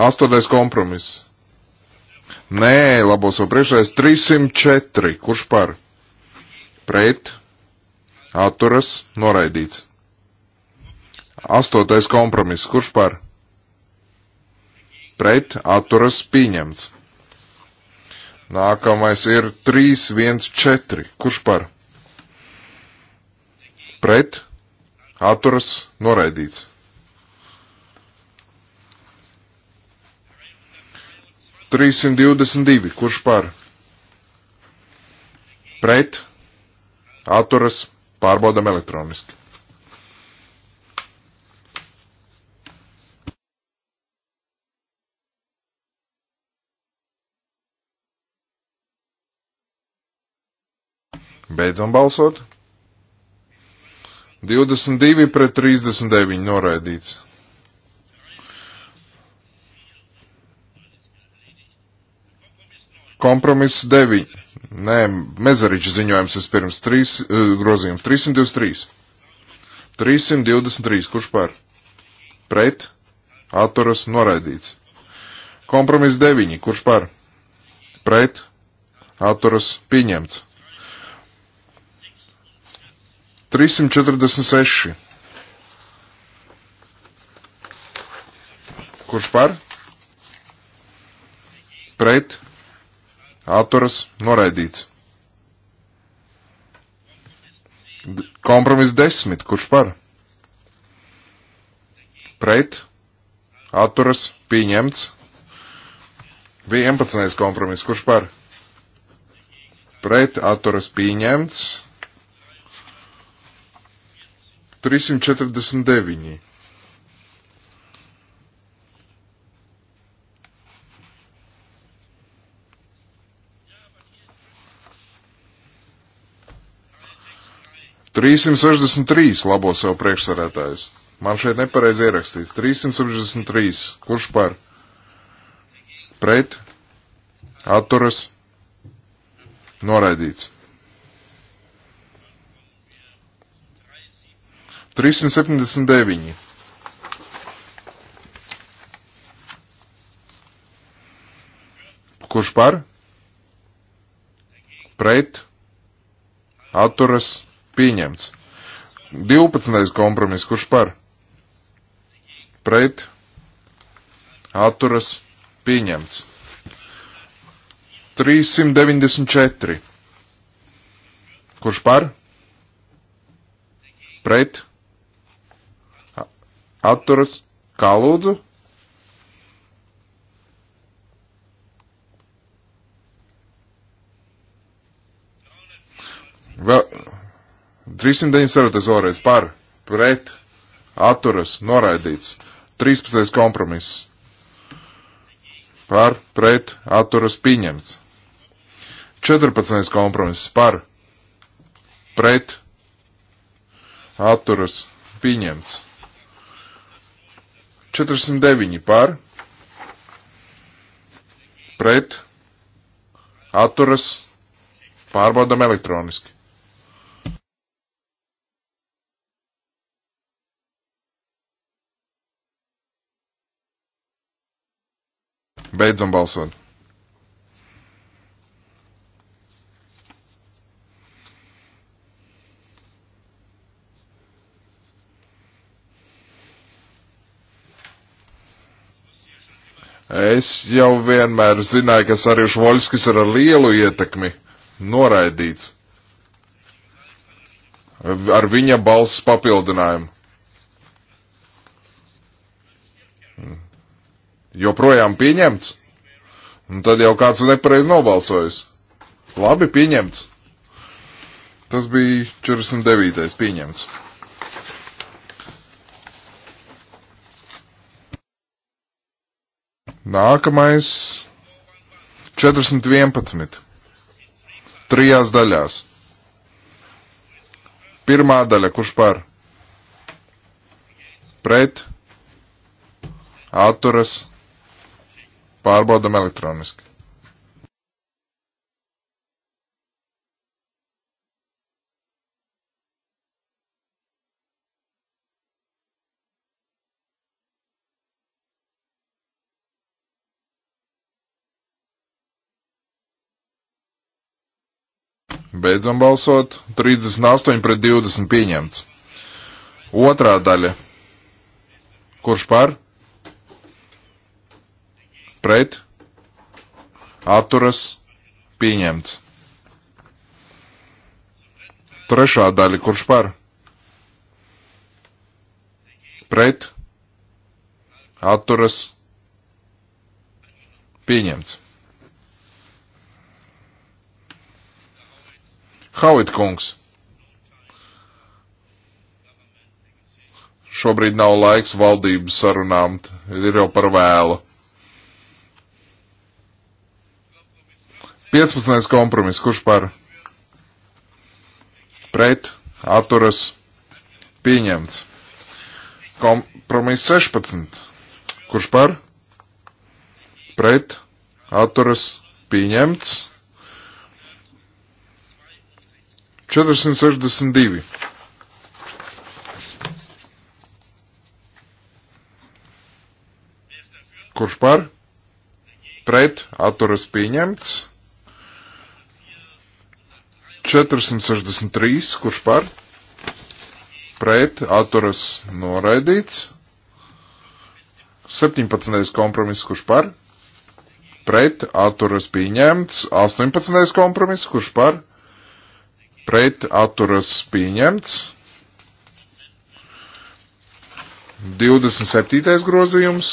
Astotais kompromiss. Nē, labos vēl priekšējais 304. Kurš par? Pret. Atturas. Noraidīts. Astotais kompromiss. Kurš par? Pret. Atturas. Pieņemts. Nākamais ir 314. Kurš par? Pret. Atturas. Noraidīts. 322. Kurš par? Pret. Atturas. Pārbaudam elektroniski. Beidzam balsot. 22 pret 39 noraidīts. Kompromiss 9. Nē, Mezeriča ziņojums vispirms 3, grozījums 323. 323, kurš par? Pret, atturas, noraidīts. Kompromiss 9, kurš par? Pret, atturas, pieņemts. 346. Kurš par? Pret, atturas noraidīts. Kompromis desmit, kurš par? Pret, atturas, pieņemts. 11. kompromis, kurš par? Pret, atturas, pieņemts. 349. 363 labo sev priekšsarētājs. Man šeit nepareizi ierakstīts. 363. Kurš par? Pret? Atturas? Noraidīts. 379. Kurš par? Pret? Atturas? Pieņemts. 12. kompromiss, kurš par? Pret. Atturas. Pieņemts. 394. Kurš par? Pret. Atturas. Kā lūdzu? Vēl, 394. vēlreiz par, pret, atturas, noraidīts. 13. kompromiss. Par, pret, atturas, pieņemts. 14. kompromiss par, pret, atturas, pieņemts. 49 par, pret, atturas, pārbaudam elektroniski. Beidzam balsot. Es jau vienmēr zināju, ka Sarjuš Voļskis ir ar lielu ietekmi noraidīts. Ar viņa balss papildinājumu. joprojām pieņemts? Un tad jau kāds nepareiz nobalsojis. Labi, pieņemts. Tas bija 49. pieņemts. Nākamais 411. Trijās daļās. Pirmā daļa, kurš par? Pret, atturas, Pārbaudam elektroniski. Beidzam balsot. 38 pret 20 pieņemts. Otrā daļa. Kurš par? pret, atturas, pieņemts. Trešā daļa, kurš par? Pret, atturas, pieņemts. Hauit kungs. Šobrīd nav laiks valdības sarunām, ir jau par vēlu. 15. kompromiss, kurš par pret atturas pieņemts. Kompromiss 16. Kurš par pret atturas pieņemts. 462. Kurš par? Pret atturas pieņemts. 463, kurš par? Pret, atturas noraidīts. 17. kompromiss, kurš par? Pret, atturas pieņemts. 18. kompromiss, kurš par? Pret, atturas pieņemts. 27. grozījums.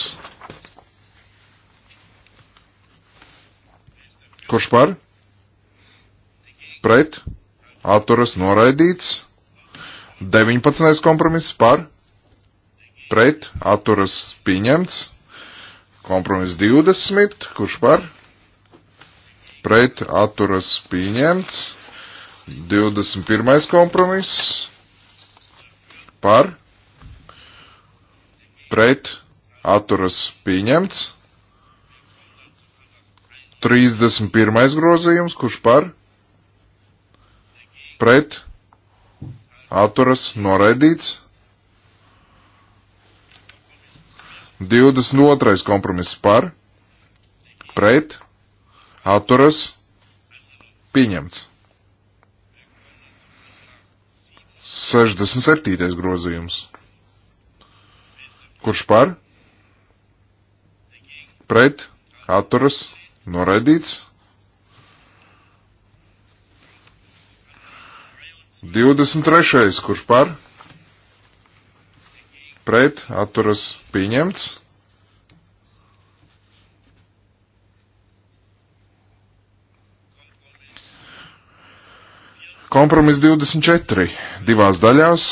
Kurš par? pret, atturas noraidīts. 19. kompromiss par, pret, atturas pieņemts. Kompromiss 20, kurš par, pret, atturas pieņemts. 21. kompromiss par, pret, atturas pieņemts. 31. grozījums, kurš par, pret, atturas, noraidīts. 22. kompromiss par, pret, atturas, pieņemts. 67. grozījums. Kurš par? Pret, atturas, noraidīts. 23. kurš par? Pret atturas pieņemts. Kompromis 24. Divās daļās.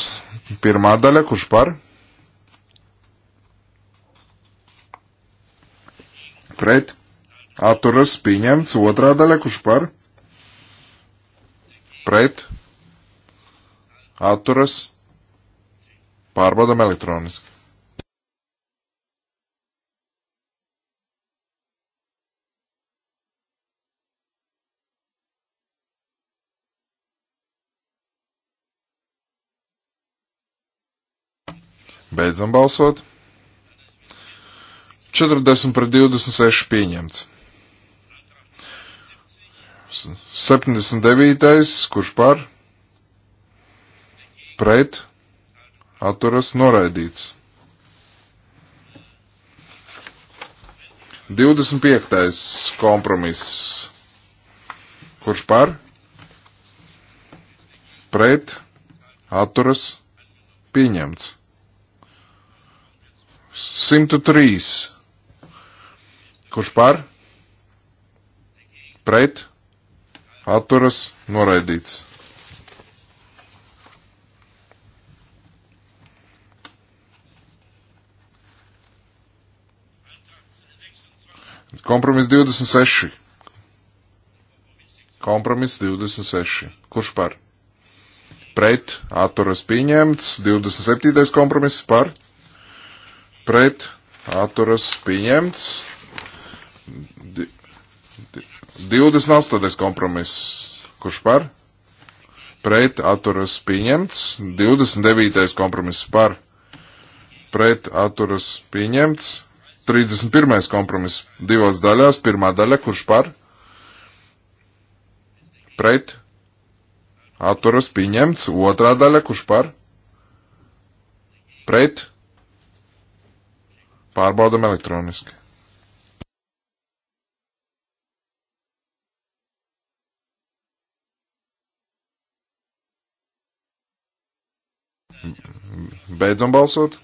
Pirmā daļa, kurš par? Pret atturas pieņemts. Otrā daļa, kurš par? Pret atturas, pārbaudam elektroniski. Beidzam balsot. 40 pret 26 pieņemts. 79. kurš par? pret, atturas noraidīts. 25. kompromiss. Kurš par? Pret, atturas, pieņemts. 103. Kurš par? Pret, atturas, noraidīts. Kompromiss 26. Kompromiss 26. Kurš par? Pret atturas pieņemts. 27. kompromiss par? Pret atturas pieņemts. 28. kompromiss. Kurš par? Pret atturas pieņemts. 29. kompromiss par? Pret atturas pieņemts. 31. kompromiss divās daļās. Pirmā daļa, kurš par? Pret. Atturas pieņemts. Otrā daļa, kurš par? Pret. Pārbaudam elektroniski. Beidzam balsot.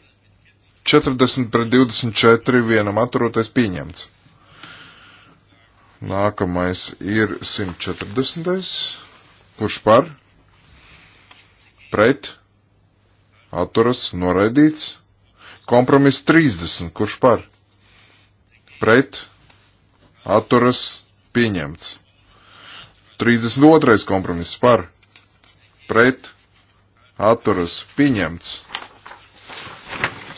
40 pret 24 vienam atturoties pieņemts. Nākamais ir 140. Kurš par? Pret? Atturas noraidīts. Kompromiss 30. Kurš par? Pret? Atturas pieņemts. 32. kompromiss par? Pret? Atturas pieņemts. 154.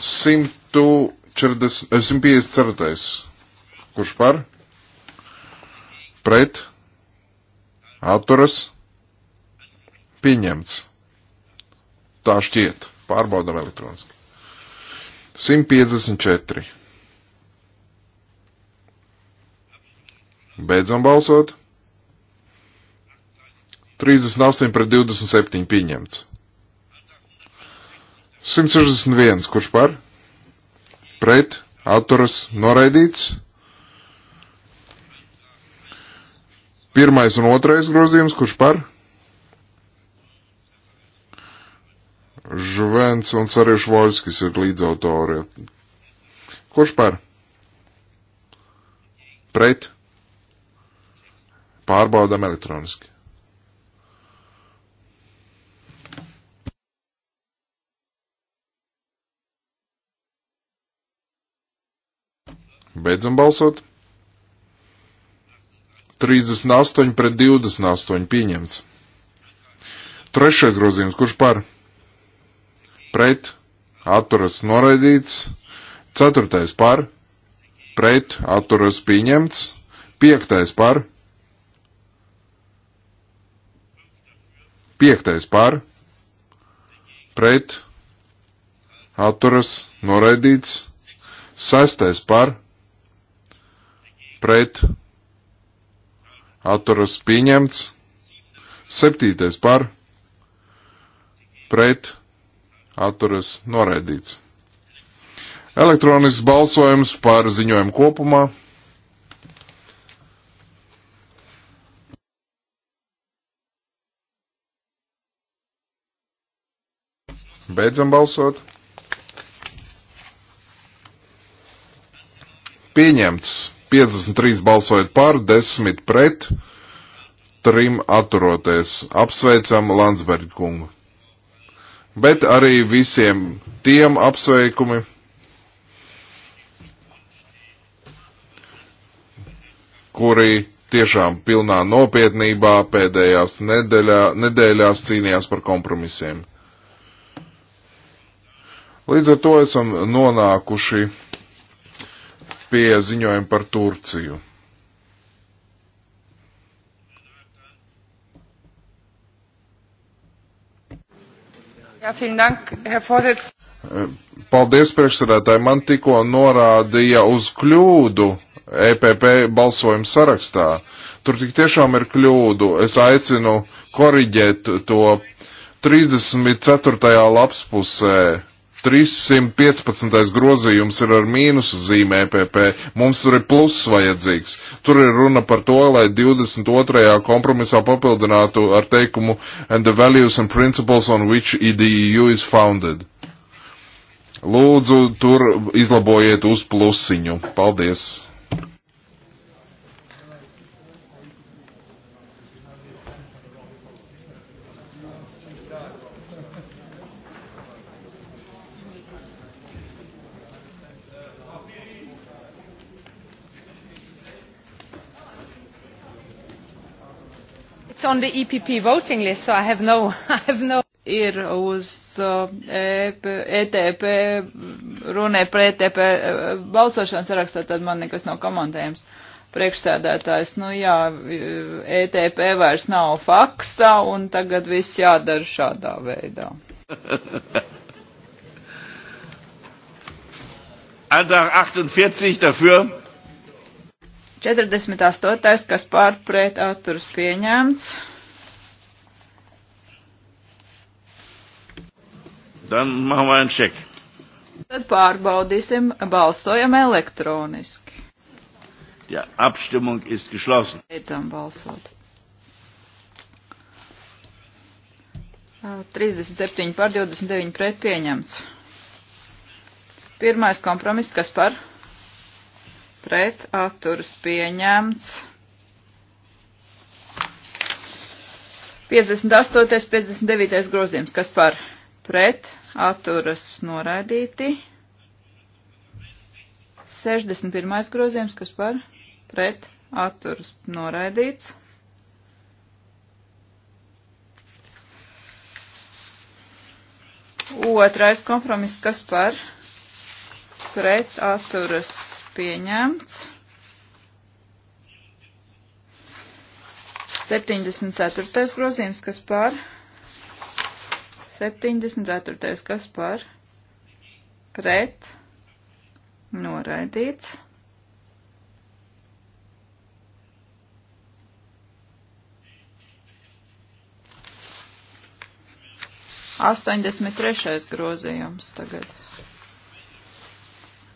Eh, Kurš par? Pret? Atturas? Pieņemts. Tā šķiet. Pārbaudam elektroniski. 154. Beidzam balsot. 38 pret 27 pieņemts. 161, kurš par? Pret, atturas, noraidīts. Pirmais un otrais grozījums, kurš par? Žuvens un Sarīš Voļskis ir līdzautori. Kurš par? Pret. Pārbaudam elektroniski. Beidzam balsot. 38 pret 28 pieņemts. Trešais grozījums, kurš par? Pret, atturas noraidīts. Ceturtais par? Pret, atturas pieņemts. Piektais par? Piektais par? Pret, atturas noraidīts. Sestais par? pret atturas pieņemts. Septītais par pret atturas noraidīts. Elektronisks balsojums par ziņojumu kopumā. Beidzam balsot. Pieņemts. 53 balsojot par, 10 pret, 3 atturoties. Apsveicam Landsbergu kungu. Bet arī visiem tiem apsveikumi. kuri tiešām pilnā nopietnībā pēdējās nedēļā, nedēļās cīnījās par kompromisiem. Līdz ar to esam nonākuši pie ziņojuma par Turciju. Jā, dank, Paldies, priekšsēdētāji. Man tikko norādīja uz kļūdu EPP balsojuma sarakstā. Tur tik tiešām ir kļūdu. Es aicinu koriģēt to 34. lapspusē 315. grozījums ir ar mīnusu zīmē EPP, mums tur ir pluss vajadzīgs. Tur ir runa par to, lai 22. kompromisā papildinātu ar teikumu and the values and principles on which EDU e is founded. Lūdzu, tur izlabojiet uz plusiņu. Paldies! it's on the EPP voting list, so I have no, (laughs) I have no. Ir uz uh, EP, ETP, runē par ETP uh, balsošanas rakstā, tad man nekas nav komandējums. Priekšsēdētājs, nu jā, uh, ETP vairs nav faksa un tagad viss jādara šādā veidā. Antrag 48 dafür. 48. kas pārpret atturas pieņemts. Tad pārbaudīsim, balsojam elektroniski. Ja, Abstimmung ist geschlossen. Beidzam balsot. 37 par 29 pret pieņemts. Pirmais kompromiss, kas par? pret atturas pieņemts. 58. 59. grozījums, kas par pret atturas noraidīti. 61. grozījums, kas par pret atturas noraidīts. 2. kompromiss, kas par pret atturas pieņemts. 74. grozījums, kas par? 74. kas par? Pret. Noraidīts. Astoņdesmit trešais grozījums tagad.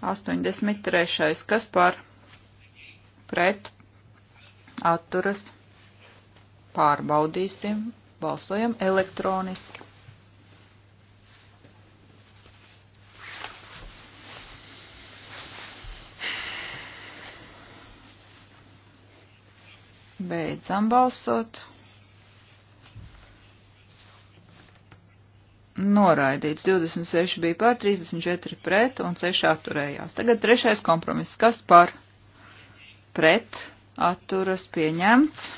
83. Kas par? Pret. Atturas. Pārbaudīsim. Balsojam elektroniski. Beidzam balsot. noraidīts. 26 bija par, 34 pret un 6 atturējās. Tagad trešais kompromiss. Kas par pret atturas pieņemts?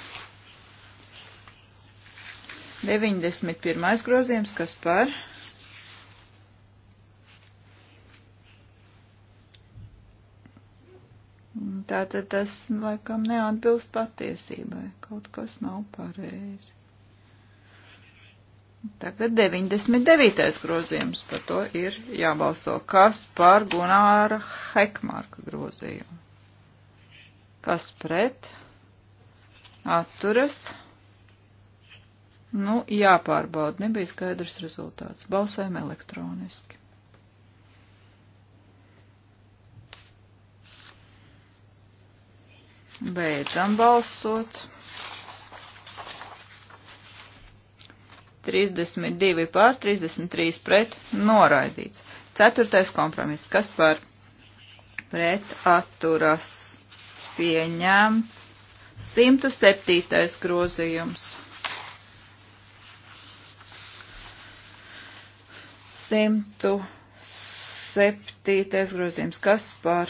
91. grozījums, kas par? Tātad tas laikam neatbilst patiesībai. Kaut kas nav pareizi. Tagad 99. grozījums par to ir jābalso. Kas par Gunāra Hekmārka grozījumu? Kas pret? Atturas. Nu, jāpārbauda. Nebija skaidrs rezultāts. Balsojam elektroniski. Beidzam balsot. 32 pār 33 pret noraidīts. Ceturtais kompromiss, kas par pret atturas pieņēmts. 107. grozījums. 107. grozījums, kas par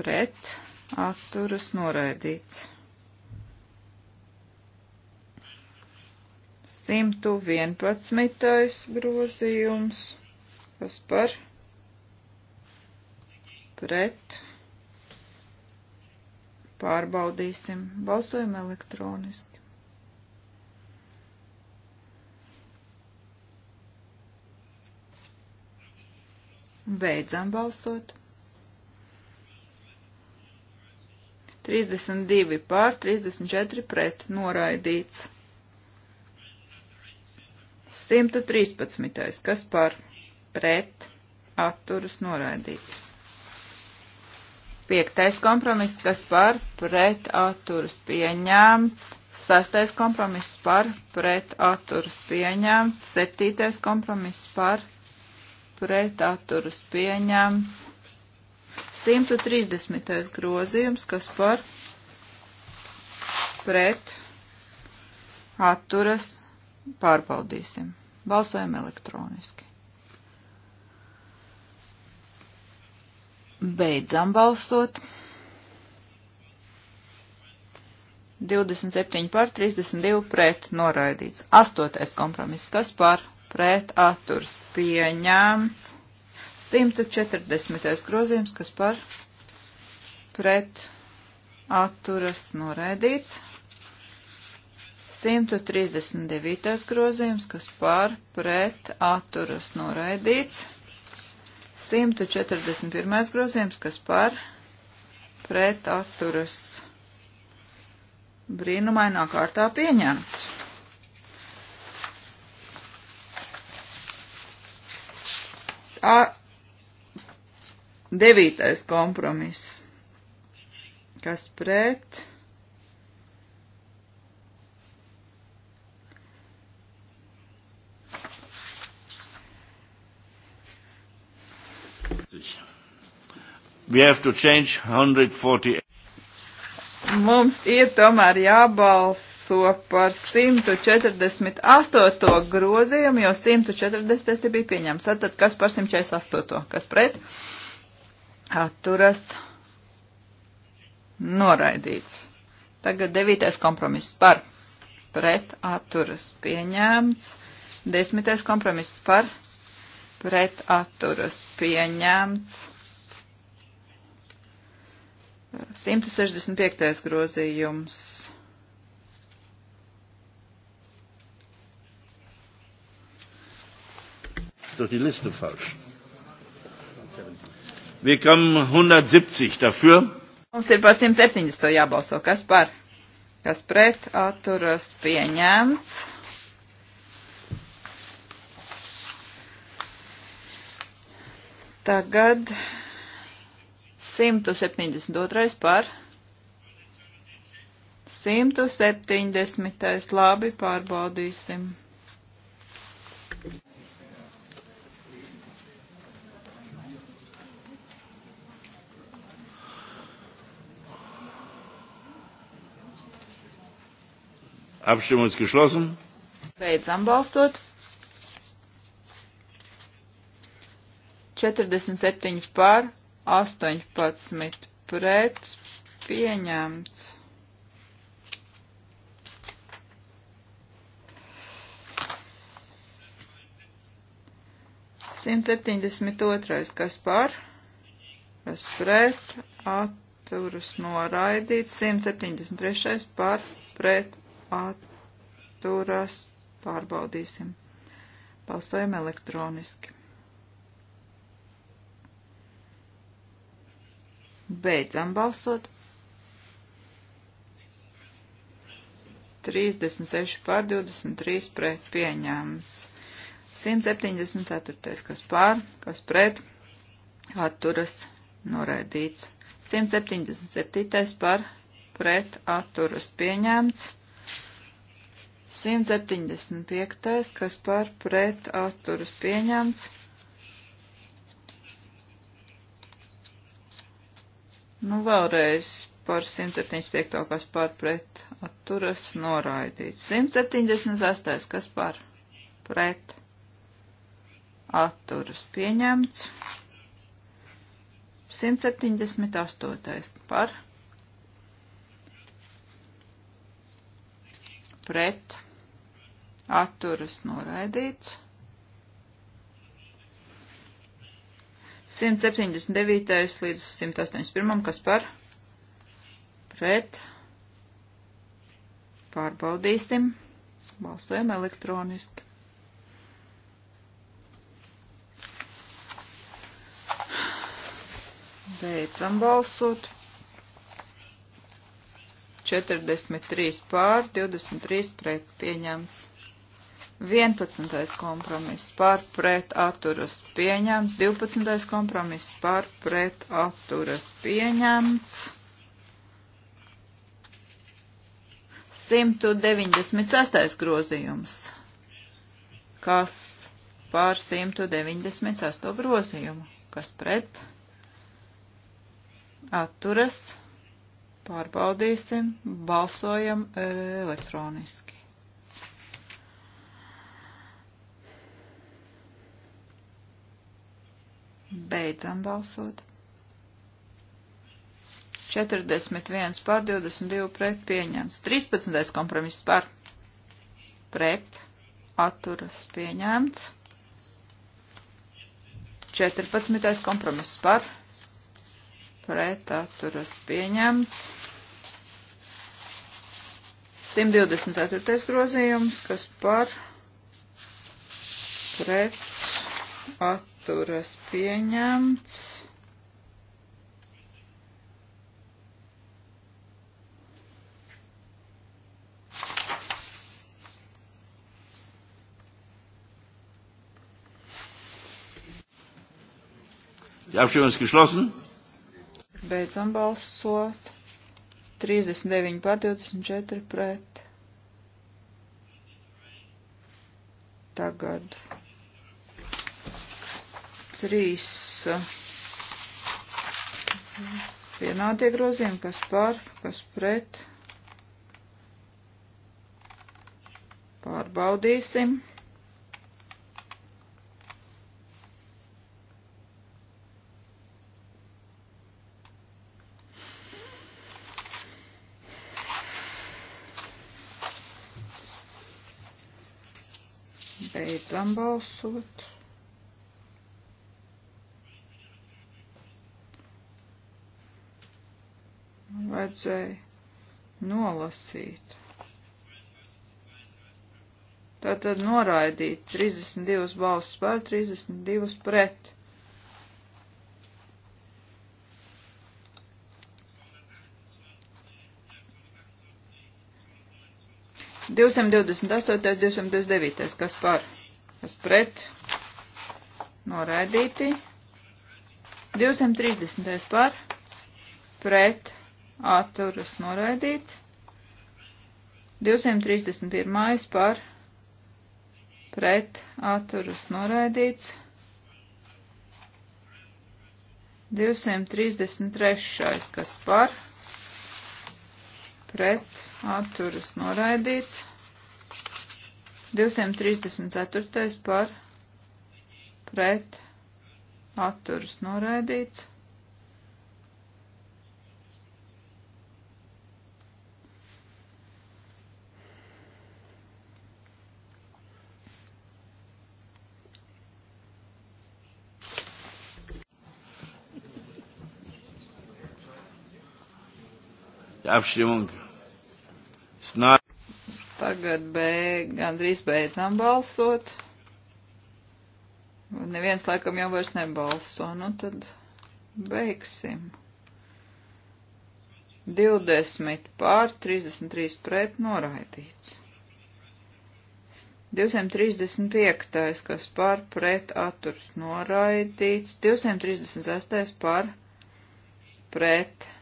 pret atturas noraidīts. 111. grozījums, kas par pret pārbaudīsim, balsojam elektroniski. Beidzam balsot. 32 pār, 34 pret, noraidīts. 113. Kas par pret atturas noraidīts. 5. kompromiss, kas par pret atturas pieņēmts. 6. kompromiss par pret atturas pieņēmts. 7. kompromiss par pret atturas pieņēmts. 130. grozījums, kas par pret atturas pieņēmts Pārbaudīsim. Balsojam elektroniski. Beidzam balsot. 27 par 32 pret noraidīts. Astotais kompromiss, kas par pret atturs pieņemts. 140. grozījums, kas par pret atturas noraidīts. 139. grozījums, kas par pret atturas noraidīts. 141. grozījums, kas par pret atturas brīnumainā kārtā pieņemts. A, devītais kompromiss, kas pret We have to change 148. Mums ir tomēr jābalso par 148. grozījumu, jo 140. bija pieņemts. Tad kas par 148. kas pret? Atturas noraidīts. Tagad devītais kompromiss par pret atturas pieņemts. Desmitais kompromiss par pret atturas pieņemts. 165. grozījums. Doch die Liste falsch. Wir kommen 170 dafür. Mums ir par 170 jābalso. Kas par? Kas pret? Atturas pieņemts. Tagad 172. par 170. labi pārbaudīsim. Abstimmung ist geschlossen. Beidzam balstot. 47 pār, 18 pret pieņemts. Simt septiņdesmit otrais, kas par, kas pret, atturus noraidīts, simt septiņdesmit trešais par, pret, atturas, pārbaudīsim. Balsojam elektroniski. Beidzam balsot. 36 pār 23 pret pieņēmums. 174. kas pār, kas pret, atturas noraidīts. 177. par, pret, atturas pieņēmts. 175. kas par, pret, atturas pieņēmts. Nu, vēlreiz par 175. kas par pret atturas noraidīts. 178. kas par pret atturas pieņemts. 178. par pret atturas noraidīts. 179. līdz 181. kas par pret pārbaudīsim. Balsojam elektroniski. Beidzam balsot. 43 pār, 23 pret pieņemts. 11. kompromiss par pret atturas pieņemts, 12. kompromiss par pret atturas pieņemts, 196. grozījums. Kas par 198. grozījumu? Kas pret? Atturas. Pārbaudīsim, balsojam e, elektroniski. Beidzam balsot. 41 pār 22 pret pieņemts. 13. kompromiss par pret atturas pieņemts. 14. kompromiss par pret atturas pieņemts. 124. grozījums, kas par pret atturas atturas pieņemts. Die Abstimmung ist geschlossen. Beidzam balsot. 39 par 24 pret. Tagad trīs vienādie grozījumi, kas par, kas pret. Pārbaudīsim. Beidzam balsot. redzēju, nolasīt. Tātad noraidīt 32 balsis par, 32 pret. Divsimt divdesmit astotais, divsimt divdesmit devītais, kas par, kas pret, noraidīti. Divsimt trīsdesmitais par, pret, atturas noraidīt. 231. par pret atturas noraidīts. 233. kas par pret atturas noraidīts. 234. par pret atturas noraidīts. Die Abstimmung ist nahe. Tagad beig, gandrīz beidzām balsot. Neviens laikam jau vairs nebalso. Nu tad beigsim. 20 pār 33 pret noraidīts. 235. kas par pret atturs noraidīts. 236. par pret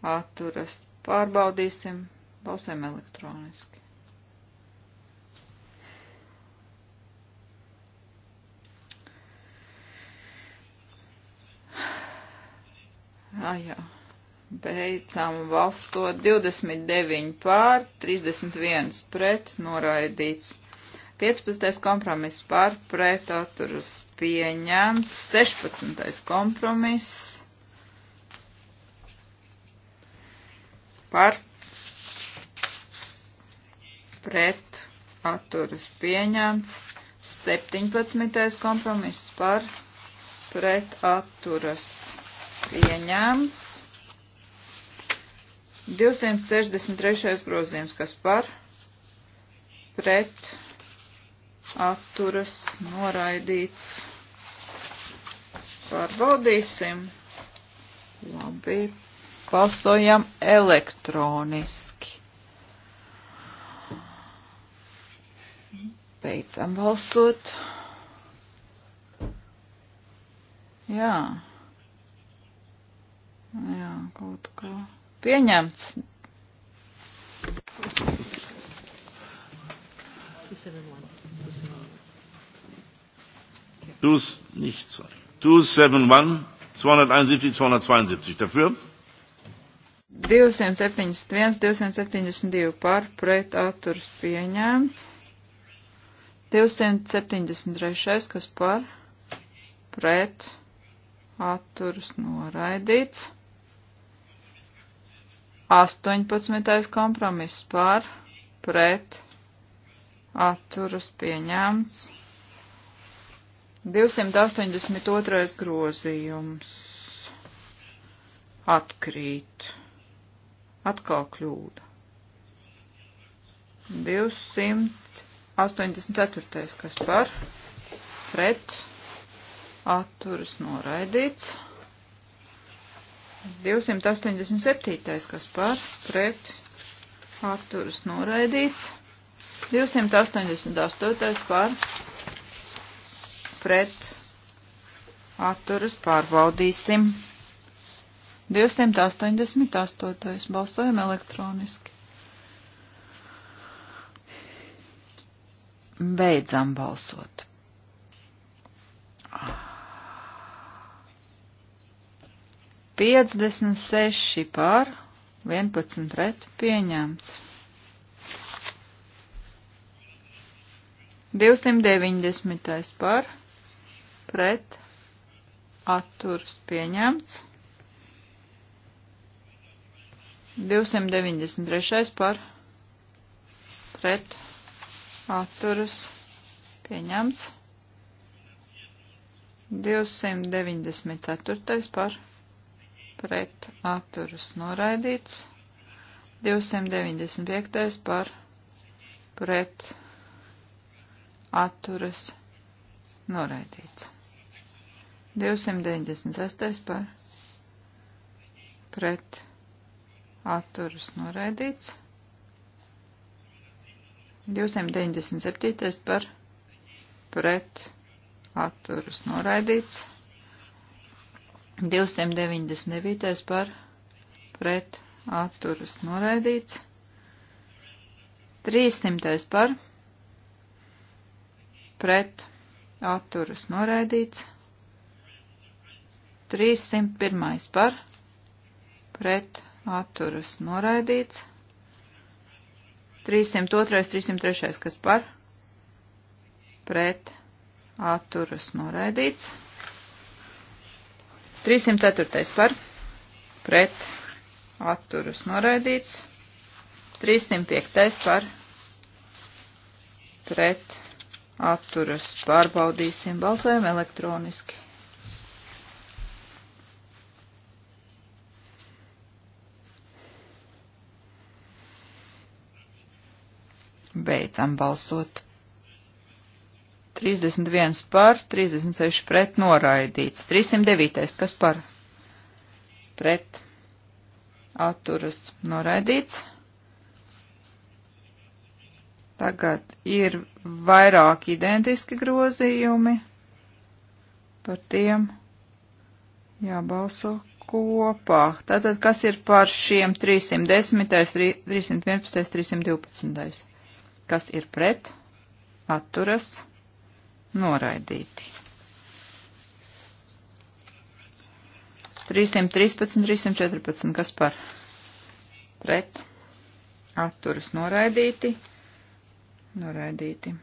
atturas Pārbaudīsim, balsēm elektroniski. Ah, jā. Beidzām valstot 29 pār, 31 pret, noraidīts. 15. kompromiss pār, pret, atturas pieņemts. 16. kompromiss par pret atturas pieņemts, 17. kompromiss par pret atturas pieņemts, 263. grozījums, kas par pret atturas noraidīts. Pārbaudīsim. Labi, Balsojam elektroniski. Beidzam balsot. Jā. Jā, kaut kā. Pieņemts. 271. 271, 271, 271, 272 dafür 271, 272 par pret atturs pieņemts. 273, kas par pret atturs noraidīts. 18. kompromiss par pret atturs pieņemts. 282. grozījums atkrīt. Atkal kļūda. 284. kas par pret atturas noraidīts. 287. kas par pret atturas noraidīts. 288. par pret atturas pārbaudīsim. 288. Balsojam elektroniski. Beidzam balsot. Piecdesmit seši pār, vienpadsmit pret pieņemts. 290. par pret atturs pieņemts. 293. par pret atturas pieņemts. 294. par pret atturas noraidīts. 295. par pret atturas noraidīts. 296. par pret atturas noraidīts. 297. par pret atturas noraidīts. 299. par pret atturas noraidīts. 300. par pret atturas noraidīts. 301. par pret atturas noraidīts. 302, 303, kas par, pret, atturas noraidīts. 304 par, pret, atturas noraidīts. 305 par, pret, atturas pārbaudīsim, balsojam elektroniski. Beidzam balsot. 31 par, 36 pret noraidīts. 309. Kas par? Pret. Atturas noraidīts. Tagad ir vairāk identiski grozījumi. Par tiem jābalso kopā. Tātad, kas ir par šiem 310, 311, 312? kas ir pret, atturas, noraidīti. 313, 314, kas par pret, atturas, noraidīti, noraidīti.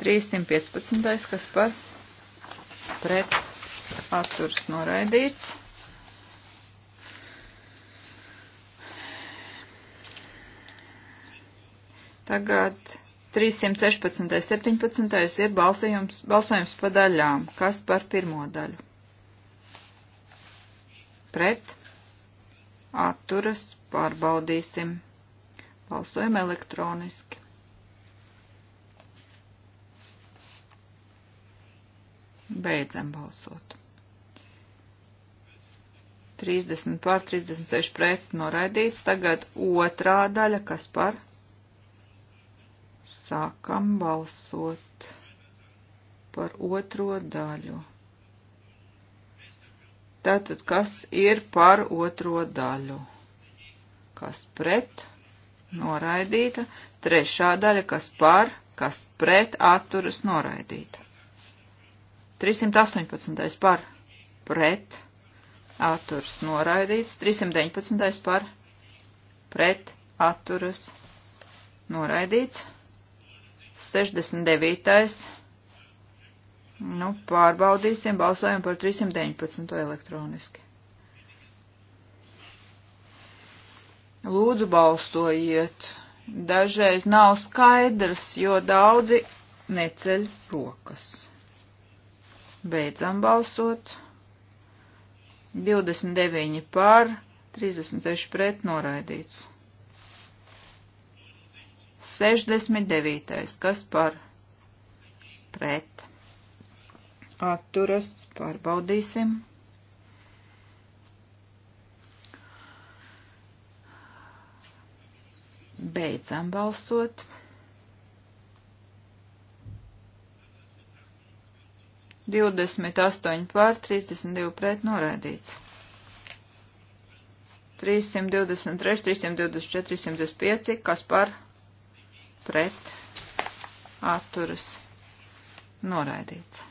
315, kas par pret, atturas, noraidīts. Tagad 316. 17. ir balsojums, balsojums pa daļām. Kas par pirmo daļu? Pret. Atturas. Pārbaudīsim. Balsojam elektroniski. Beidzam balsot. 30 pār 36 pret noraidīts. Tagad otrā daļa. Kas par? Sākam balsot par otro daļu. Tātad, kas ir par otro daļu? Kas pret? Noraidīta. Trešā daļa, kas par, kas pret, atturas noraidīta. 318. par, pret, atturas noraidīts. 319. par, pret, atturas noraidīts. 69. Nu, pārbaudīsim, balsojam par 319 elektroniski. Lūdzu, balsojiet. Dažreiz nav skaidrs, jo daudzi neceļ rokas. Beidzam balsot. 29 pār, 36 pret noraidīts. 69. Kas par pret? Atturas pārbaudīsim. Beidzam balsot. 28 pār 32 pret noraidīts. 323, 324, 325, kas par pret atturas noraidīts.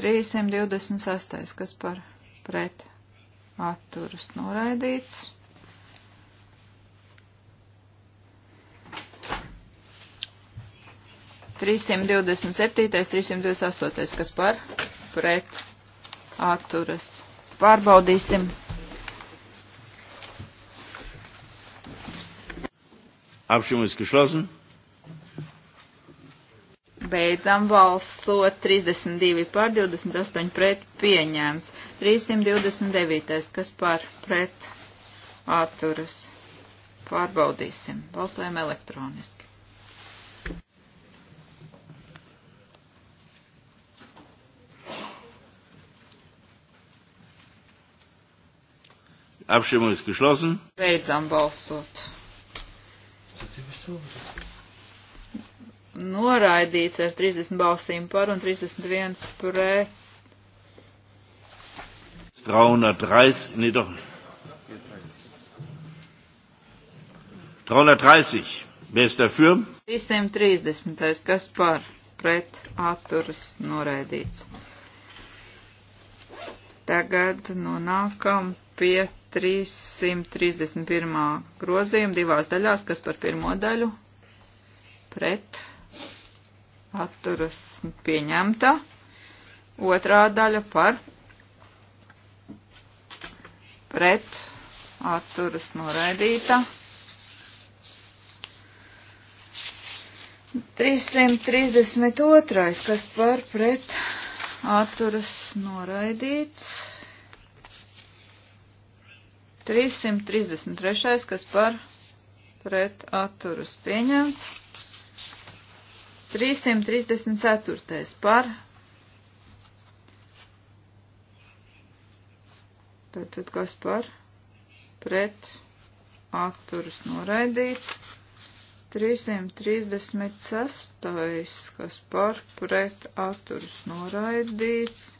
Trīsimt divdesmit sastais, kas par pret atturas noraidīts. 327, 328, kas par pret atturas pārbaudīsim. Abstimmung ist geschlossen. Beidzam balsot 32 par 28 pret pieņēmts. 329. kas par pret atturas. Pārbaudīsim. Balsojam elektroniski. Abstimmung ist geschlossen. Beidzam balsot. Noraidīts ar 30 balsīm par un 31 pret. 330, nee doch. 330. Wer ist dafür? 330. Kas par? Pret atturas noraidīts. Tagad nonākam pie 331. grozījumu divās daļās, kas par pirmo daļu pret atturas pieņemta, otrā daļa par pret atturas noraidīta. 332. kas par pret atturas noraidīts. 333. kas par pret atturas pieņemts. 334. par. Tātad kas par pret atturas noraidīts. 336. kas par pret atturas noraidīts.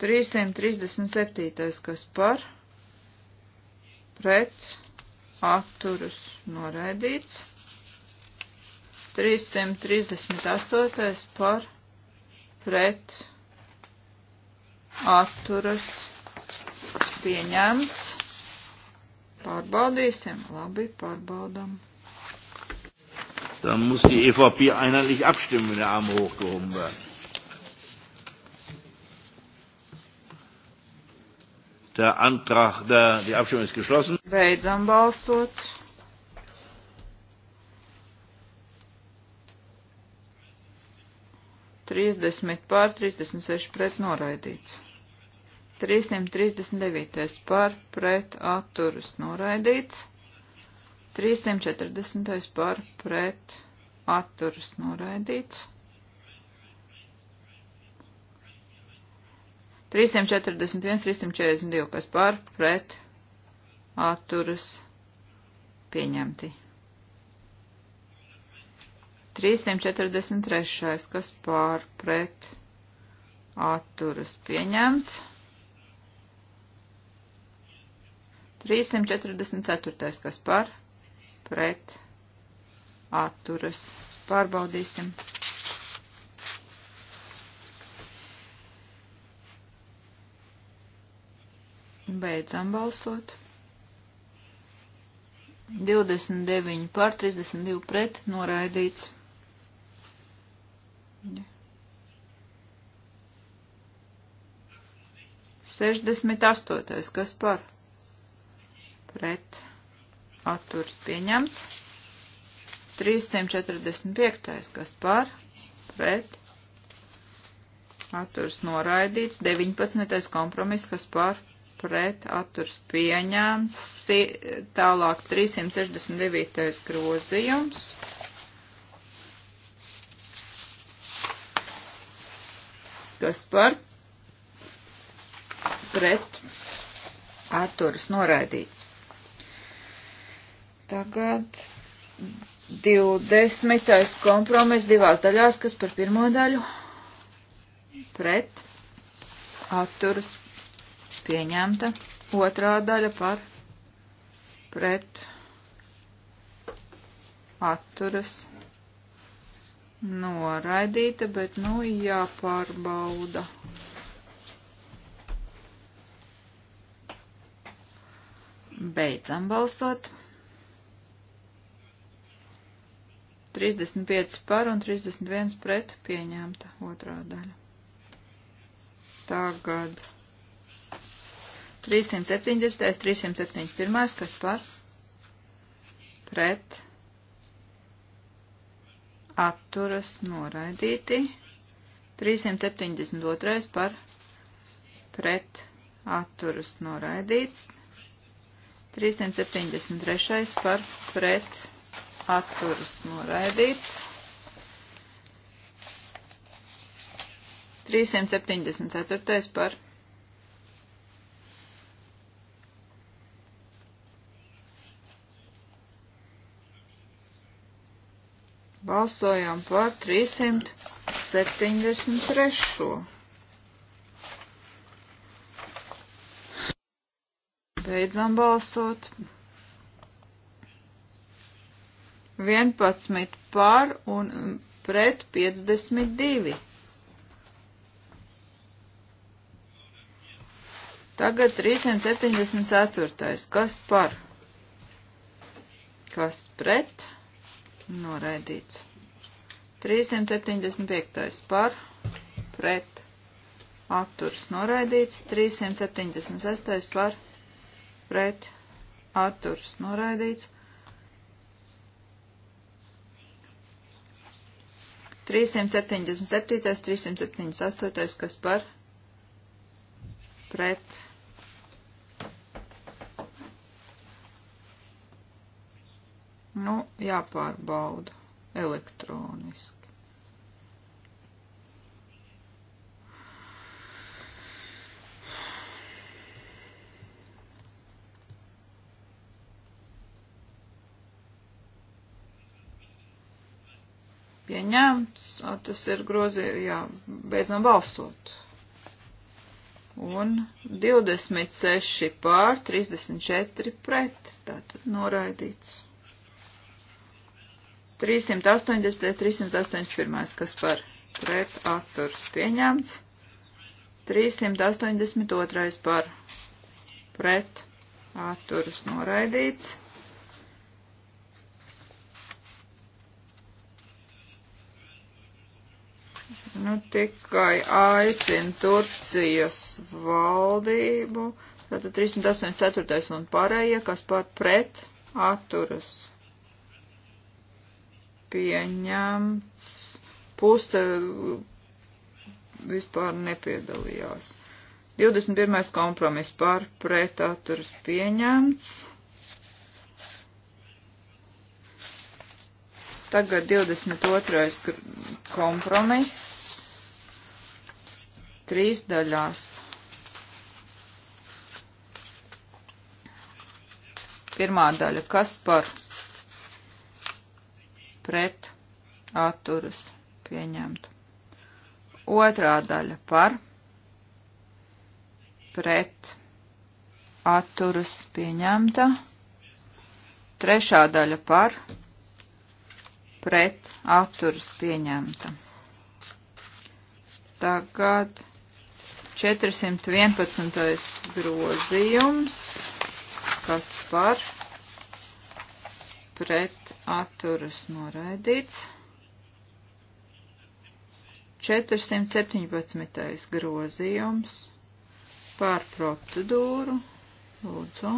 337. kas par pret atturas noraidīts. 338. par pret atturas pieņemts. Pārbaudīsim, labi, pārbaudam. Dann muss die EVP einheitlich abstimmen, wenn der Arm hochgehoben wird. Der Antrag, der, die Abstimmung ist geschlossen. Beidzam balsot. Trīsdesmit pār, trīsdesmit seši pret noraidīts. 339. par pret atturas noraidīts. 340. par pret atturas noraidīts. 341, 342, kas par pret atturas pieņemti. 343, kas par pret atturas pieņemts. 344, kas par pret atturas pārbaudīsim. Beidzam balsot. 29 par 32 pret noraidīts. Ja. 68. Kas par? Pret. Atturs pieņemts. 345. Kas par? Pret. Atturs noraidīts. 19. kompromiss. Kas par? pret atturs pieņēmts, tālāk 369. grozījums. Kas par pret atturs noraidīts. Tagad 20. kompromiss divās daļās, kas par pirmo daļu pret atturas pieņemta. Otrā daļa par pret atturas noraidīta, bet nu jāpārbauda. Beidzam balsot. 35 par un 31 pret pieņemta otrā daļa. Tagad 370, 371, kas par pret atturas noraidīti. 372 par pret atturas noraidīts. 373 par pret atturas noraidīts. 374 par pret Balsojam par 373. Beidzam balsot. 11 par un pret 52. Tagad 374. Kas par? Kas pret? Noraidīts. 375. par pret atturs noraidīts. 376. par pret atturs noraidīts. 377. 378. kas par pret Nu, jāpārbauda elektroniski. pieņemts, tas ir grozījums, jā, beidzam balsot. Un 26 pār 34 pret, tātad noraidīts. 380, 381, kas par pret atturs pieņemts. 382 par pret atturs noraidīts. Nu, tikai aicina Turcijas valdību, tātad 384 un pārējie, kas par pret atturas pieņemts. Puse vispār nepiedalījās. 21. kompromiss par pret atturas pieņemts. Tagad 22. kompromiss. Trīs daļās. Pirmā daļa, kas par pret atturas pieņemta. Otrā daļa par pret atturas pieņemta. Trešā daļa par pret atturas pieņemta. Tagad 411. grozījums, kas par pret atturas noraidīts. 417. grozījums pār procedūru. Lūdzu,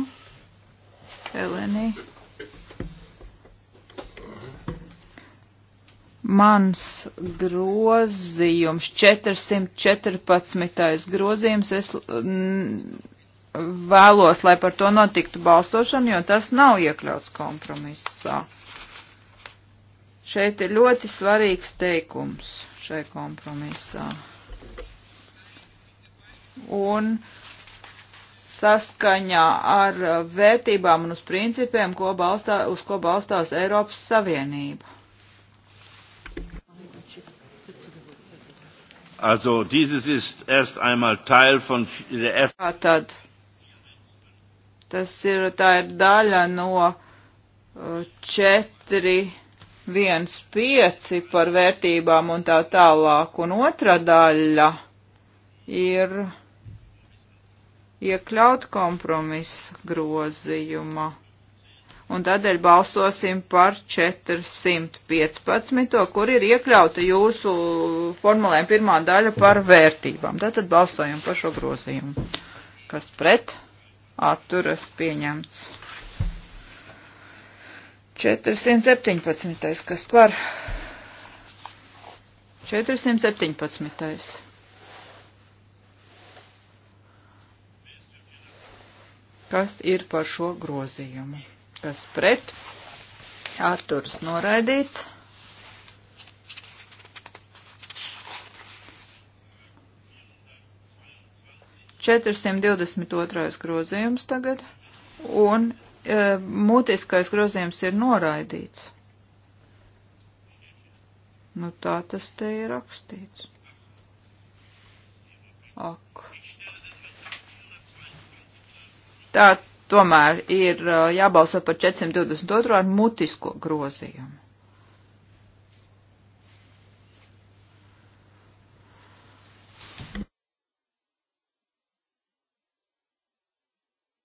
Eleni. Mans grozījums, 414. grozījums, es vēlos, lai par to notiktu balsošana, jo tas nav iekļauts kompromisā. Šeit ir ļoti svarīgs teikums šai kompromisā. Un saskaņā ar vērtībām un uz principiem, ko balstā, uz ko balstās Eiropas Savienība. Also, dieses ist erst einmal Teil von der ersten. Tas ir, tā ir daļa no 4, 1, 5 par vērtībām un tā tālāk. Un otra daļa ir iekļaut kompromisa grozījuma. Un tādēļ balsosim par 415, kur ir iekļauta jūsu formulējuma pirmā daļa par vērtībām. Tātad balsojam par šo grozījumu. Kas pret? atturas pieņemts. 417. kas par 417. Kas ir par šo grozījumu? Kas pret? Atturs noraidīts. 422. grozījums tagad, un e, mutiskais grozījums ir noraidīts. Nu tā tas te ir rakstīts. Ak. Tā tomēr ir e, jābalso par 422 ar mutisko grozījumu.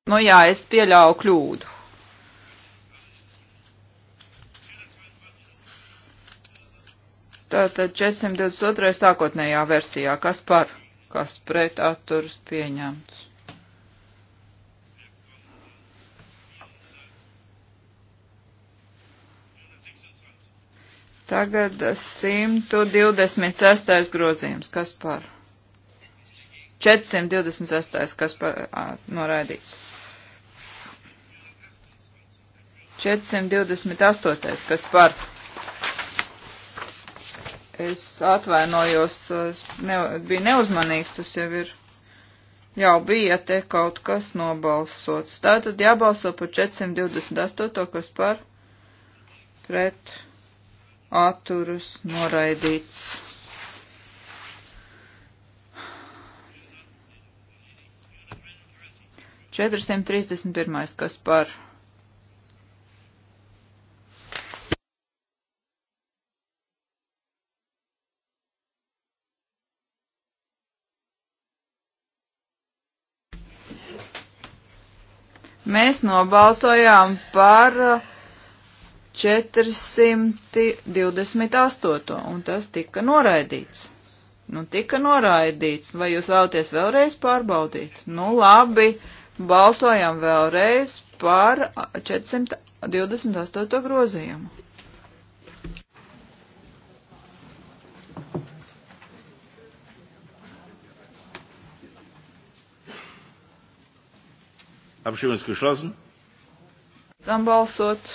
Nu jā, es pieļauju kļūdu. Tātad 422. sākotnējā versijā. Kas par? Kas pret atturas pieņemts? Tagad 126. grozījums. Kas par? 426. kas par? À, noraidīts. 428. kas par. Es atvainojos, es ne, biju neuzmanīgs, tas jau ir. Jau bija te kaut kas nobalsots. Tātad jābalso par 428, kas par pret atturus noraidīts. Četrsimt trīsdesmit pirmais, kas par mēs nobalsojām par 428, uh, un tas tika noraidīts. Nu, tika noraidīts. Vai jūs vēlaties vēlreiz pārbaudīt? Nu, labi, balsojam vēlreiz par 428 uh, grozījumu. Abstimmung ist geschlossen. Beidzam balsot.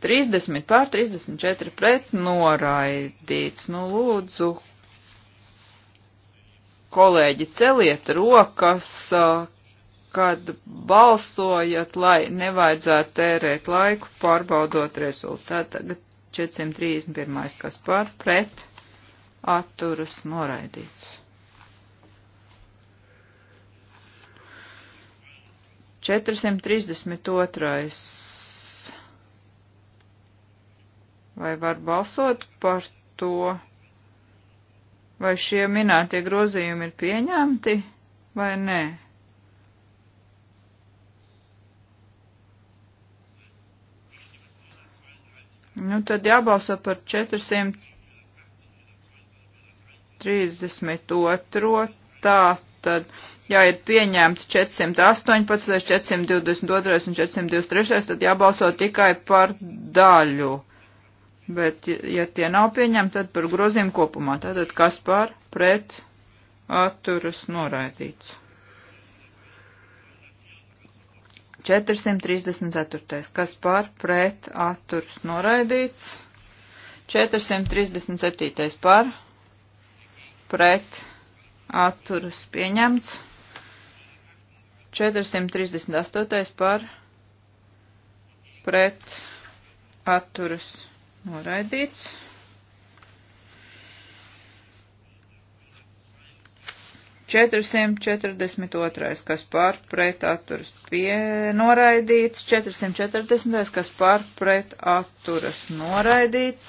30 pār 34 pret noraidīts. Nu, lūdzu, kolēģi, celiet rokas, kad balsojat, lai nevajadzētu tērēt laiku pārbaudot rezultātu. Tagad 431. kas pār pret atturas noraidīts. 432. Vai var balsot par to? Vai šie minētie grozījumi ir pieņemti vai nē? Nu, tad jābalso par 432. Tā tad, ja ir pieņemts 418, 422 un 423, tad jābalso tikai par daļu. Bet, ja tie nav pieņemti, tad par grozījumu kopumā. Tātad, kas par pret atturas noraidīts? 434. Kas par pret atturs noraidīts? 437. par pret atturas pieņemts. 438 par pret atturas noraidīts. Četrsimt četrdesmit otrais, kas pār pret atturas pie noraidīts, četrsimt četrdesmitais, kas pār pret atturas noraidīts,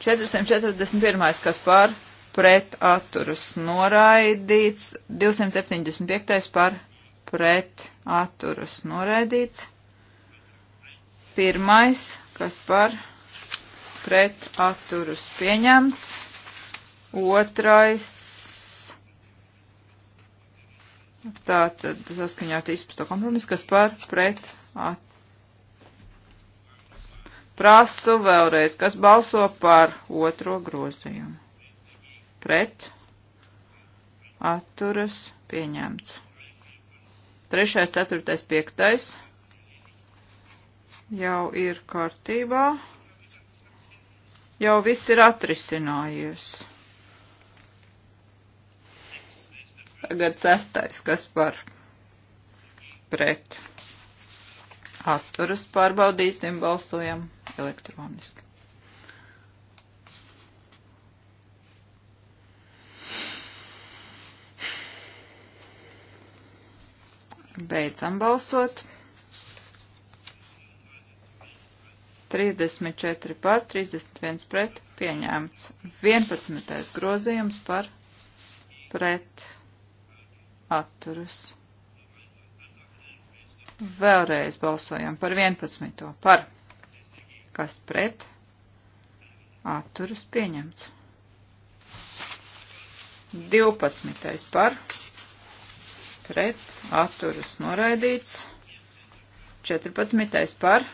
četrsimt četrdesmit pirmais, kas pār pret pret atturas noraidīts, 275. par pret atturas noraidīts, pirmais, kas par pret atturas pieņemts, otrais, tātad saskaņā 13. kompromis, kas par pret atturas. Prasu vēlreiz, kas balso par otro grozījumu pret, atturas, pieņemts. Trešais, ceturtais, piektais jau ir kārtībā. Jau viss ir atrisinājies. Tagad sestais, kas par pret. Atturas pārbaudīsim, balsojam elektroniski. Beidzam balsot. 34 par, 31 pret, pieņēmts. 11. grozījums par pret atturus. Vēlreiz balsojam par 11. par, kas pret atturus pieņemts. 12. par pret atturas noraidīts. 14. par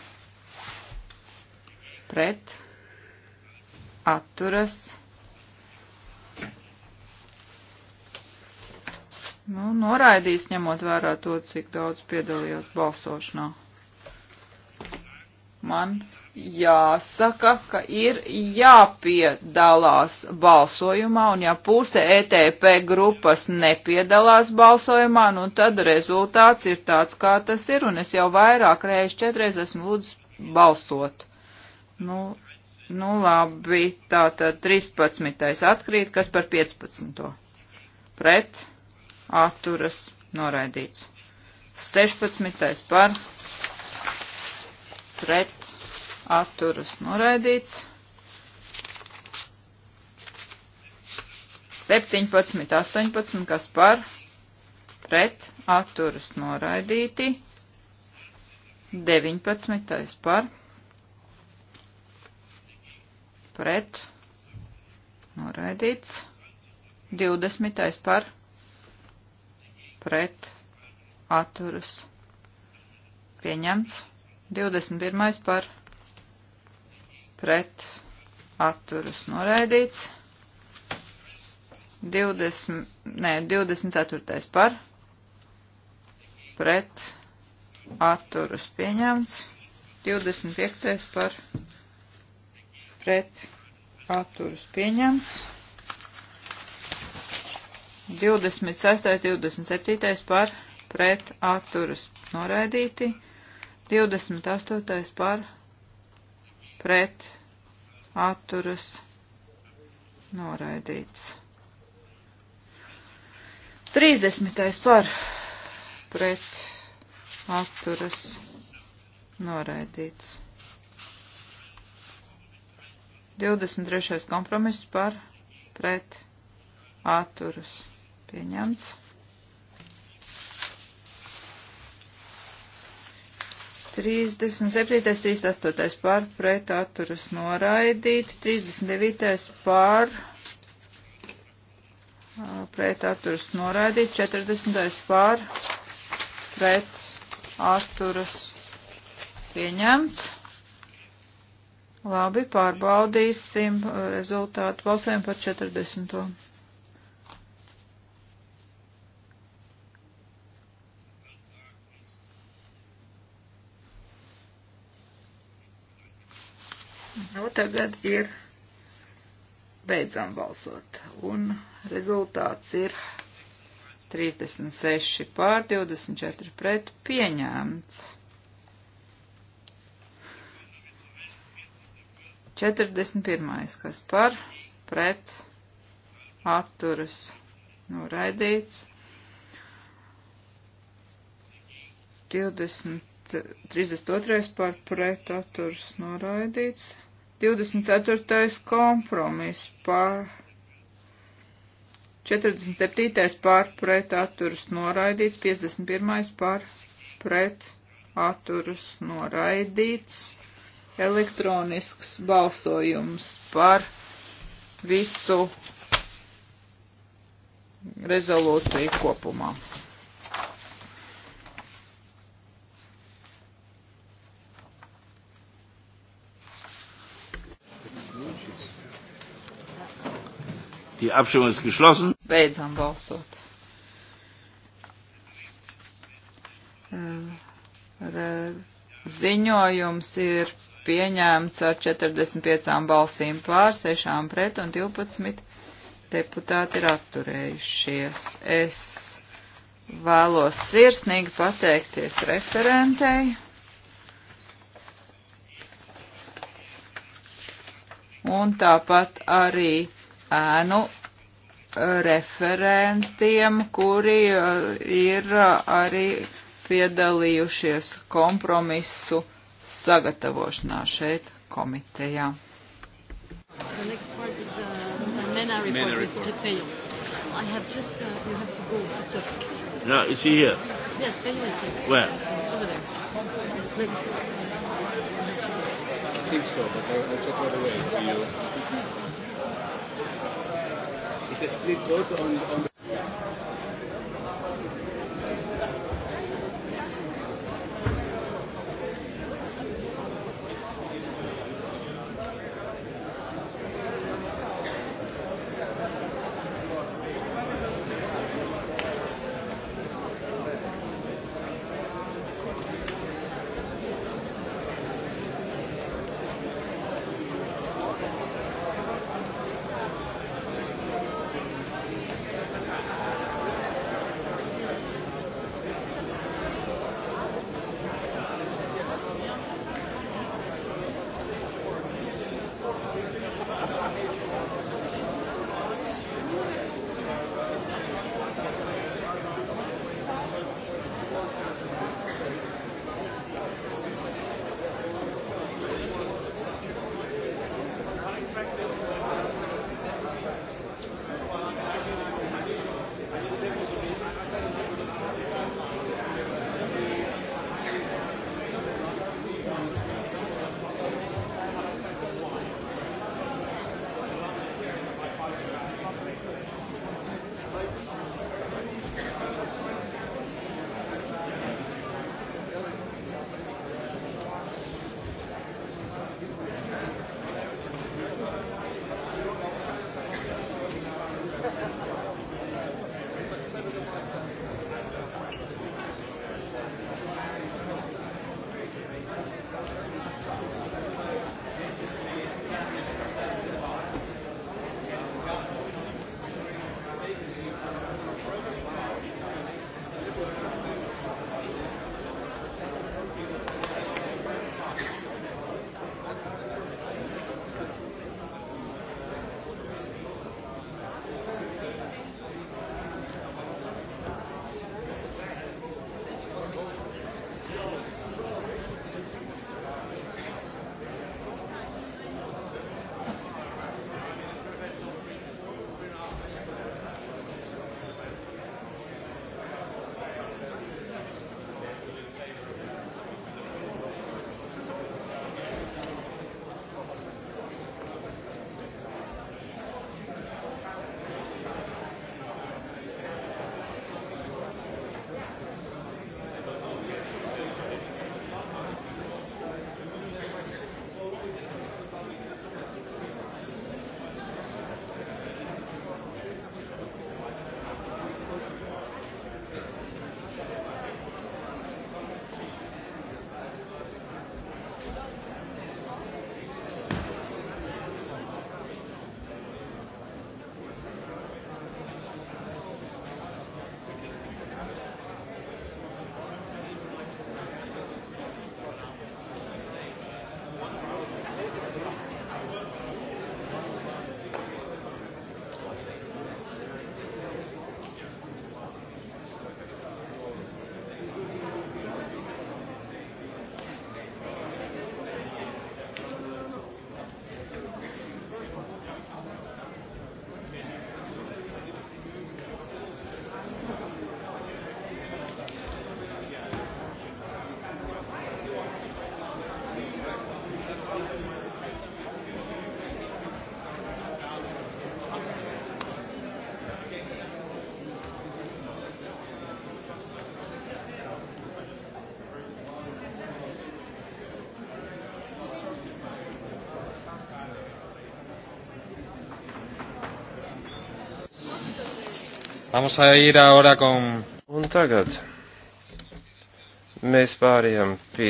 pret atturas. Nu, noraidīs, ņemot vērā to, cik daudz piedalījās balsošanā. Man jāsaka, ka ir jāpiedalās balsojumā, un ja puse ETP grupas nepiedalās balsojumā, nu tad rezultāts ir tāds, kā tas ir, un es jau vairāk reiz četreiz esmu lūdzu balsot. Nu, nu labi, tā tad 13. atkrīt, kas par 15. Pret atturas noraidīts. 16. par pret atturas noraidīts. 17, 18, kas par pret atturas noraidīti. 19. par pret noraidīts. 20. par pret atturas pieņemts. 21. par pret pret atturas noraidīts. 20, nē, 24. par pret atturas pieņemts. 25. par pret atturas pieņemts. 26. 27. par pret atturas noraidīti. 28. par pret pret atturas noraidīts. 30. par pret atturas noraidīts. 23. kompromiss par pret atturas pieņemts. 37. 38. pār pret atturas noraidīt, 39. pār pret atturas noraidīt, 40. pār pret atturas pieņemts. Labi, pārbaudīsim rezultātu balsojumu par 40. tagad ir beidzam balsot. Un rezultāts ir 36 pār 24 pret pieņēmts. 41. kas par pret atturas noraidīts. 20, 32. par pret atturas noraidīts. 24. kompromiss par 47. par pret atturas noraidīts, 51. par pret atturas noraidīts, elektronisks balsojums par visu rezolūciju kopumā. Die Abstimmung ist geschlossen. Beidzam balsot. Re, ziņojums ir pieņēmts ar 45 balsīm pār, 6 pret un 12 deputāti ir atturējušies. Es vēlos sirsnīgi pateikties referentei. un tāpat arī ēnu referentiem, kuri eh, ir eh, arī piedalījušies kompromisu sagatavošanā šeit komitejā. Uh, uh, no, is he here? Yes, Peyo is here. Where? Over there. Look. I think so, but I'll check right away for you the split vote on, on the Vamos a ir ahora con... Un tagad mēs pārējām pie,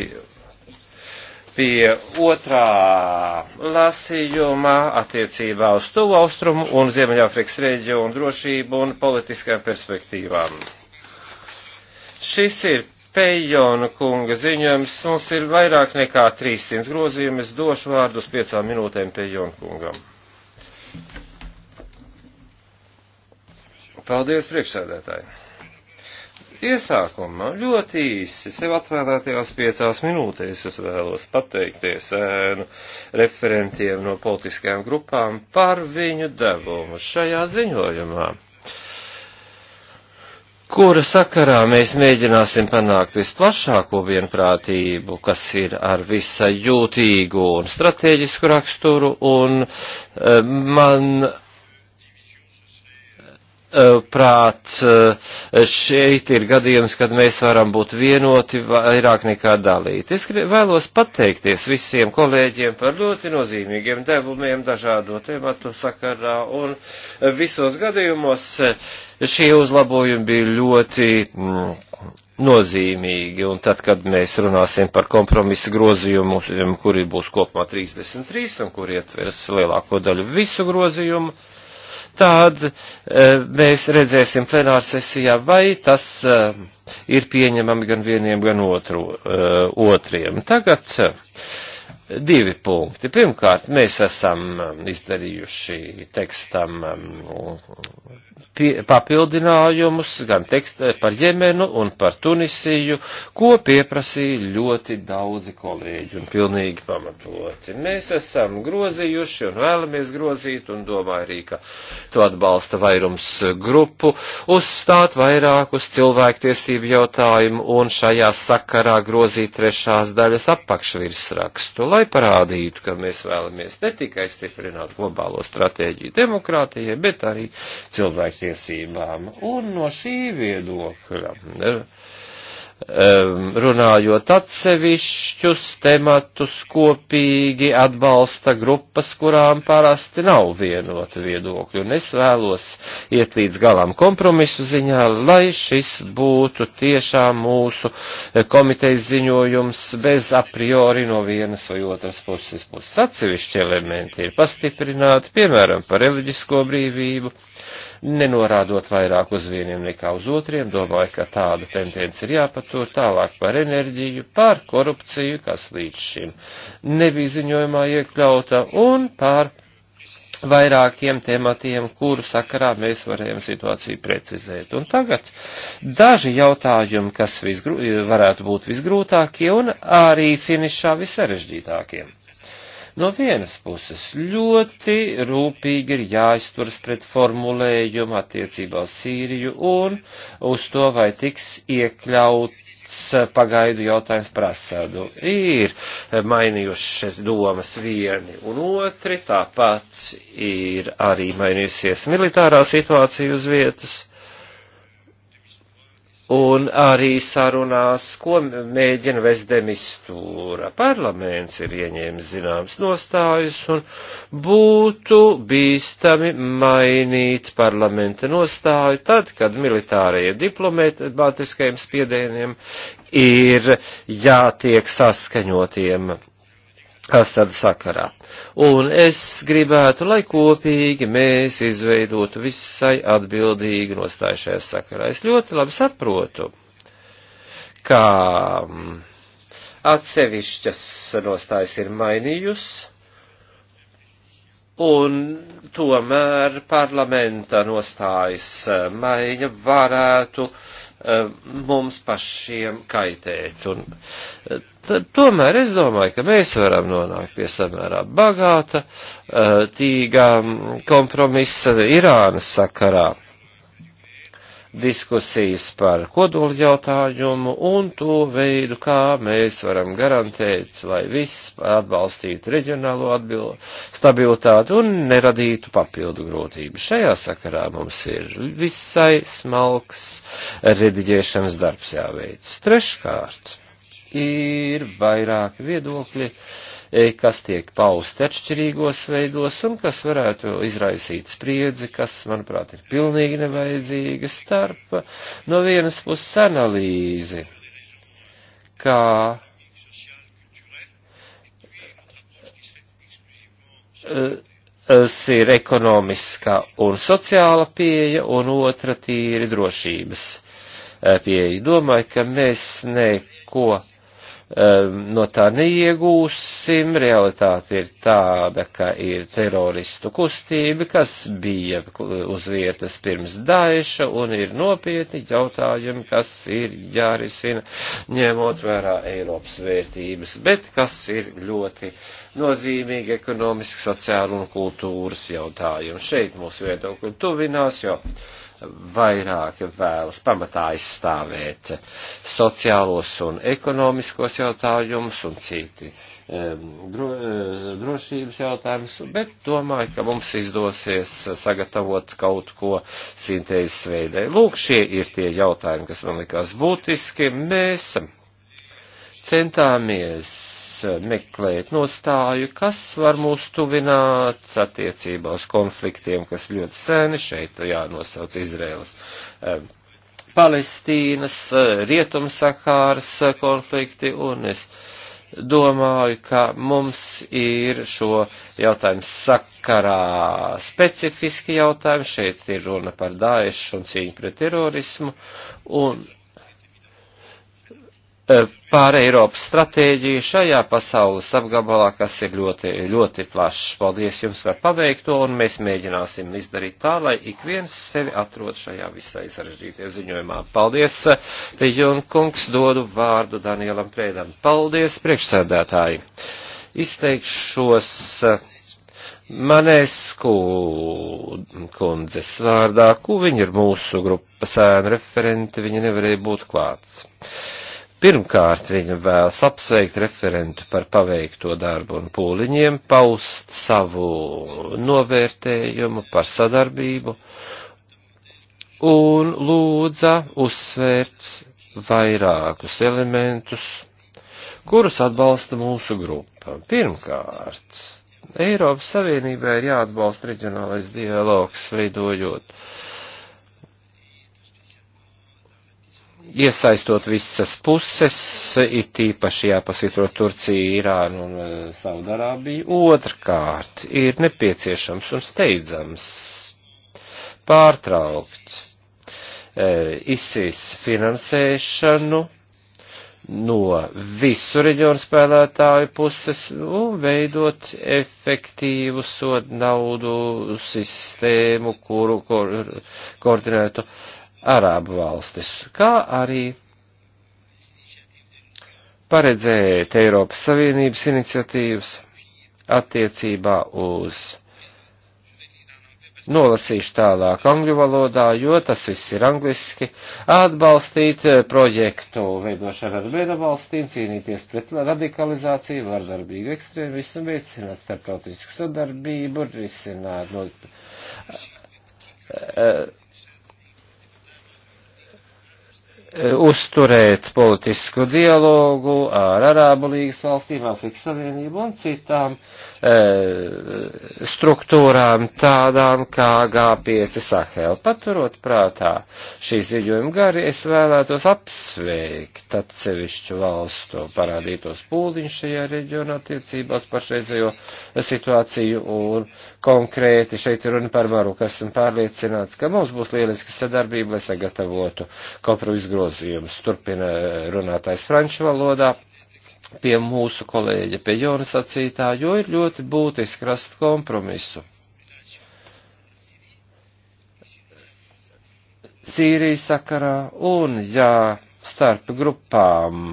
pie otrā lasījuma attiecībā uz tuvu austrumu un Ziemeļāfrikas reģionu drošību un politiskajām perspektīvām. Šis ir Pejona kunga ziņojums. Mums ir vairāk nekā 300 grozījumi. Es došu vārdus piecām minūtēm Pejona kungam. Paldies, priekšsēdētāji! Iesākumā ļoti īsi sev atvēlētajās piecās minūtēs es vēlos pateikties ēnu referentiem no politiskajām grupām par viņu devumu šajā ziņojumā kura sakarā mēs mēģināsim panākt visplašāko vienprātību, kas ir ar visai jūtīgu un strateģisku raksturu, un eh, man Eh, prāt, eh, šeit ir gadījums, kad mēs varam būt vienoti vairāk nekā dalīti. Es vēlos pateikties visiem kolēģiem par ļoti nozīmīgiem devumiem dažādo tematu sakarā, un visos gadījumos eh, šie uzlabojumi bija ļoti mm, nozīmīgi, un tad, kad mēs runāsim par kompromisa grozījumu, kuri būs kopumā 33 un kuri ietvers lielāko daļu visu grozījumu, tad e, mēs redzēsim plenāra sesijā, vai tas e, ir pieņemami gan vieniem, gan otru, e, otriem. Tagad divi punkti. Pirmkārt, mēs esam um, izdarījuši tekstam um, pie, papildinājumus gan tekstē eh, par Jemenu un par Tunisiju, ko pieprasīja ļoti daudzi kolēģi un pilnīgi pamatoti. Mēs esam grozījuši un vēlamies grozīt un domāju arī, ka to atbalsta vairums grupu, uzstāt vairāk uz cilvēktiesību jautājumu un šajā sakarā grozīt trešās daļas apakšvirsrakstu lai parādītu, ka mēs vēlamies ne tikai stiprināt globālo stratēģiju demokrātijai, bet arī cilvēktiesībām. Un no šī viedokļa Ehm, runājot atsevišķus tematus kopīgi atbalsta grupas, kurām parasti nav vienota viedokļa. Un es vēlos iet līdz galam kompromisu ziņā, lai šis būtu tiešām mūsu eh, komitejas ziņojums bez a priori no vienas vai otras puses. Puses atsevišķi elementi ir pastiprināti, piemēram, par reliģisko brīvību nenorādot vairāk uz vieniem nekā uz otriem. Domāju, ka tāda tendence ir jāpatur tālāk par enerģiju, par korupciju, kas līdz šim nebija ziņojumā iekļauta, un par vairākiem tematiem, kuru sakarā mēs varējām situāciju precizēt. Un tagad daži jautājumi, kas visgrū, varētu būt visgrūtākie un arī finišā visarežģītākie. No vienas puses ļoti rūpīgi ir jāizturas pret formulējumu attiecībā uz Sīriju un uz to, vai tiks iekļauts pagaidu jautājums prasādu. Ir mainījušas domas vieni un otri, tāpat ir arī mainījusies militārā situācija uz vietas un arī sarunās, ko mēģina Vesdemistūra. Parlaments ir ieņēmis zināmas nostājas un būtu bīstami mainīt parlamenta nostāju tad, kad militārajiem diplomātiskajiem spiedieniem ir jātiek saskaņotiem Asada sakarā. Un es gribētu, lai kopīgi mēs izveidotu visai atbildīgu nostāju šajā sakarā. Es ļoti labi saprotu, ka mm, atsevišķas nostājas ir mainījus, un tomēr parlamenta nostājas eh, maiņa varētu eh, mums pašiem kaitēt. Un, eh, Tad, tomēr es domāju, ka mēs varam nonākt pie samērā bagāta eh, tīgām mm, kompromisa Irānas sakarā diskusijas par kodolu jautājumu un to veidu, kā mēs varam garantēt, lai viss atbalstītu reģionālo atbil, stabilitāti un neradītu papildu grūtības. Šajā sakarā mums ir visai smalks rediģēšanas darbs jāveic. Treškārt ir vairāki viedokļi, e, kas tiek pausti atšķirīgos veidos un kas varētu izraisīt spriedzi, kas, manuprāt, ir pilnīgi nevajadzīga starp no vienas puses analīzi, kā ir ekonomiskā un sociāla pieeja, un otra tīri drošības e, pieeja. Domāju, ka mēs neko Ehm, no tā neiegūsim. Realitāte ir tāda, ka ir teroristu kustība, kas bija uz vietas pirms Daeša, un ir nopietni jautājumi, kas ir jārisina ņemot vērā Eiropas vērtības, bet kas ir ļoti nozīmīgi ekonomiski, sociāli un kultūras jautājumi. Šeit mūsu viedokļi tuvinās, jo vairāk vēlas pamatā aizstāvēt sociālos un ekonomiskos jautājumus un citi dro, eh, drošības jautājumus, bet domāju, ka mums izdosies sagatavot kaut ko sintēzes veidē. Lūk, šie ir tie jautājumi, kas man likās būtiski. Mēs centāmies meklēt nostāju, kas var mūs tuvināt attiecībā uz konfliktiem, kas ļoti seni šeit jānosauc Izraels. Eh, Palestīnas, eh, Rietumsakāras eh, konflikti, un es domāju, ka mums ir šo jautājumu sakarā specifiski jautājumi. Šeit ir runa par Daešu un cīņu pret terorismu, un Eh, pār Eiropas stratēģiju šajā pasaules apgabalā, kas ir ļoti, ļoti plašs. Paldies jums par paveikto, un mēs mēģināsim izdarīt tā, lai ik viens sevi atrod šajā visai sarežģītajā ziņojumā. Paldies, eh, Junkungs, dodu vārdu Danielam Prēdam. Paldies, priekšsēdētāji. Izteikšos eh, Manesku kundzes vārdā, ku viņa ir mūsu grupas ēna referente, viņa nevarēja būt klāts. Pirmkārt, viņa vēlas apsveikt referentu par paveikto darbu un pūliņiem, paust savu novērtējumu par sadarbību un lūdza uzsvērt vairākus elementus, kurus atbalsta mūsu grupa. Pirmkārt, Eiropas Savienībai ir jāatbalsta reģionālais dialogs, veidojot uh, iesaistot visas puses, it īpaši jāpasvitro Turciju, Irānu un eh, Saudarābiju. Otrkārt, ir nepieciešams un steidzams pārtraukt e, ISIS finansēšanu no visu reģionu spēlētāju puses un veidot efektīvu sodu naudu sistēmu, kuru ko, koordinētu uh, Arābu valstis, kā arī paredzēt Eiropas Savienības iniciatīvas attiecībā uz nolasīšu tālāk angļu valodā, jo tas viss ir angliski, atbalstīt eh, projektu veidošanu ar vienu valstīm, cīnīties pret radikalizāciju, vardarbīgu ekstrēmismu, veicināt starptautisku sadarbību, risināt no, eh, eh, Eh, uzturēt politisku dialogu ar Arābu līgas valstīm, Afrikas Savienību un citām e, struktūrām tādām kā G5 Sahel. Paturot prātā šī ziņojuma gari, es vēlētos apsveikt atsevišķu valstu parādītos pūliņš šajā reģionā attiecībās pašreizējo situāciju un konkrēti. Šeit ir runa par Maroku. Esmu pārliecināts, ka mums būs lieliska sadarbība, lai sagatavotu kompromisu grozījumus. Turpina runātājs franču valodā pie mūsu kolēģa, pie Jona sacītā, jo ir ļoti būtiski rast kompromisu. Sīrijas sakarā un, jā, starp grupām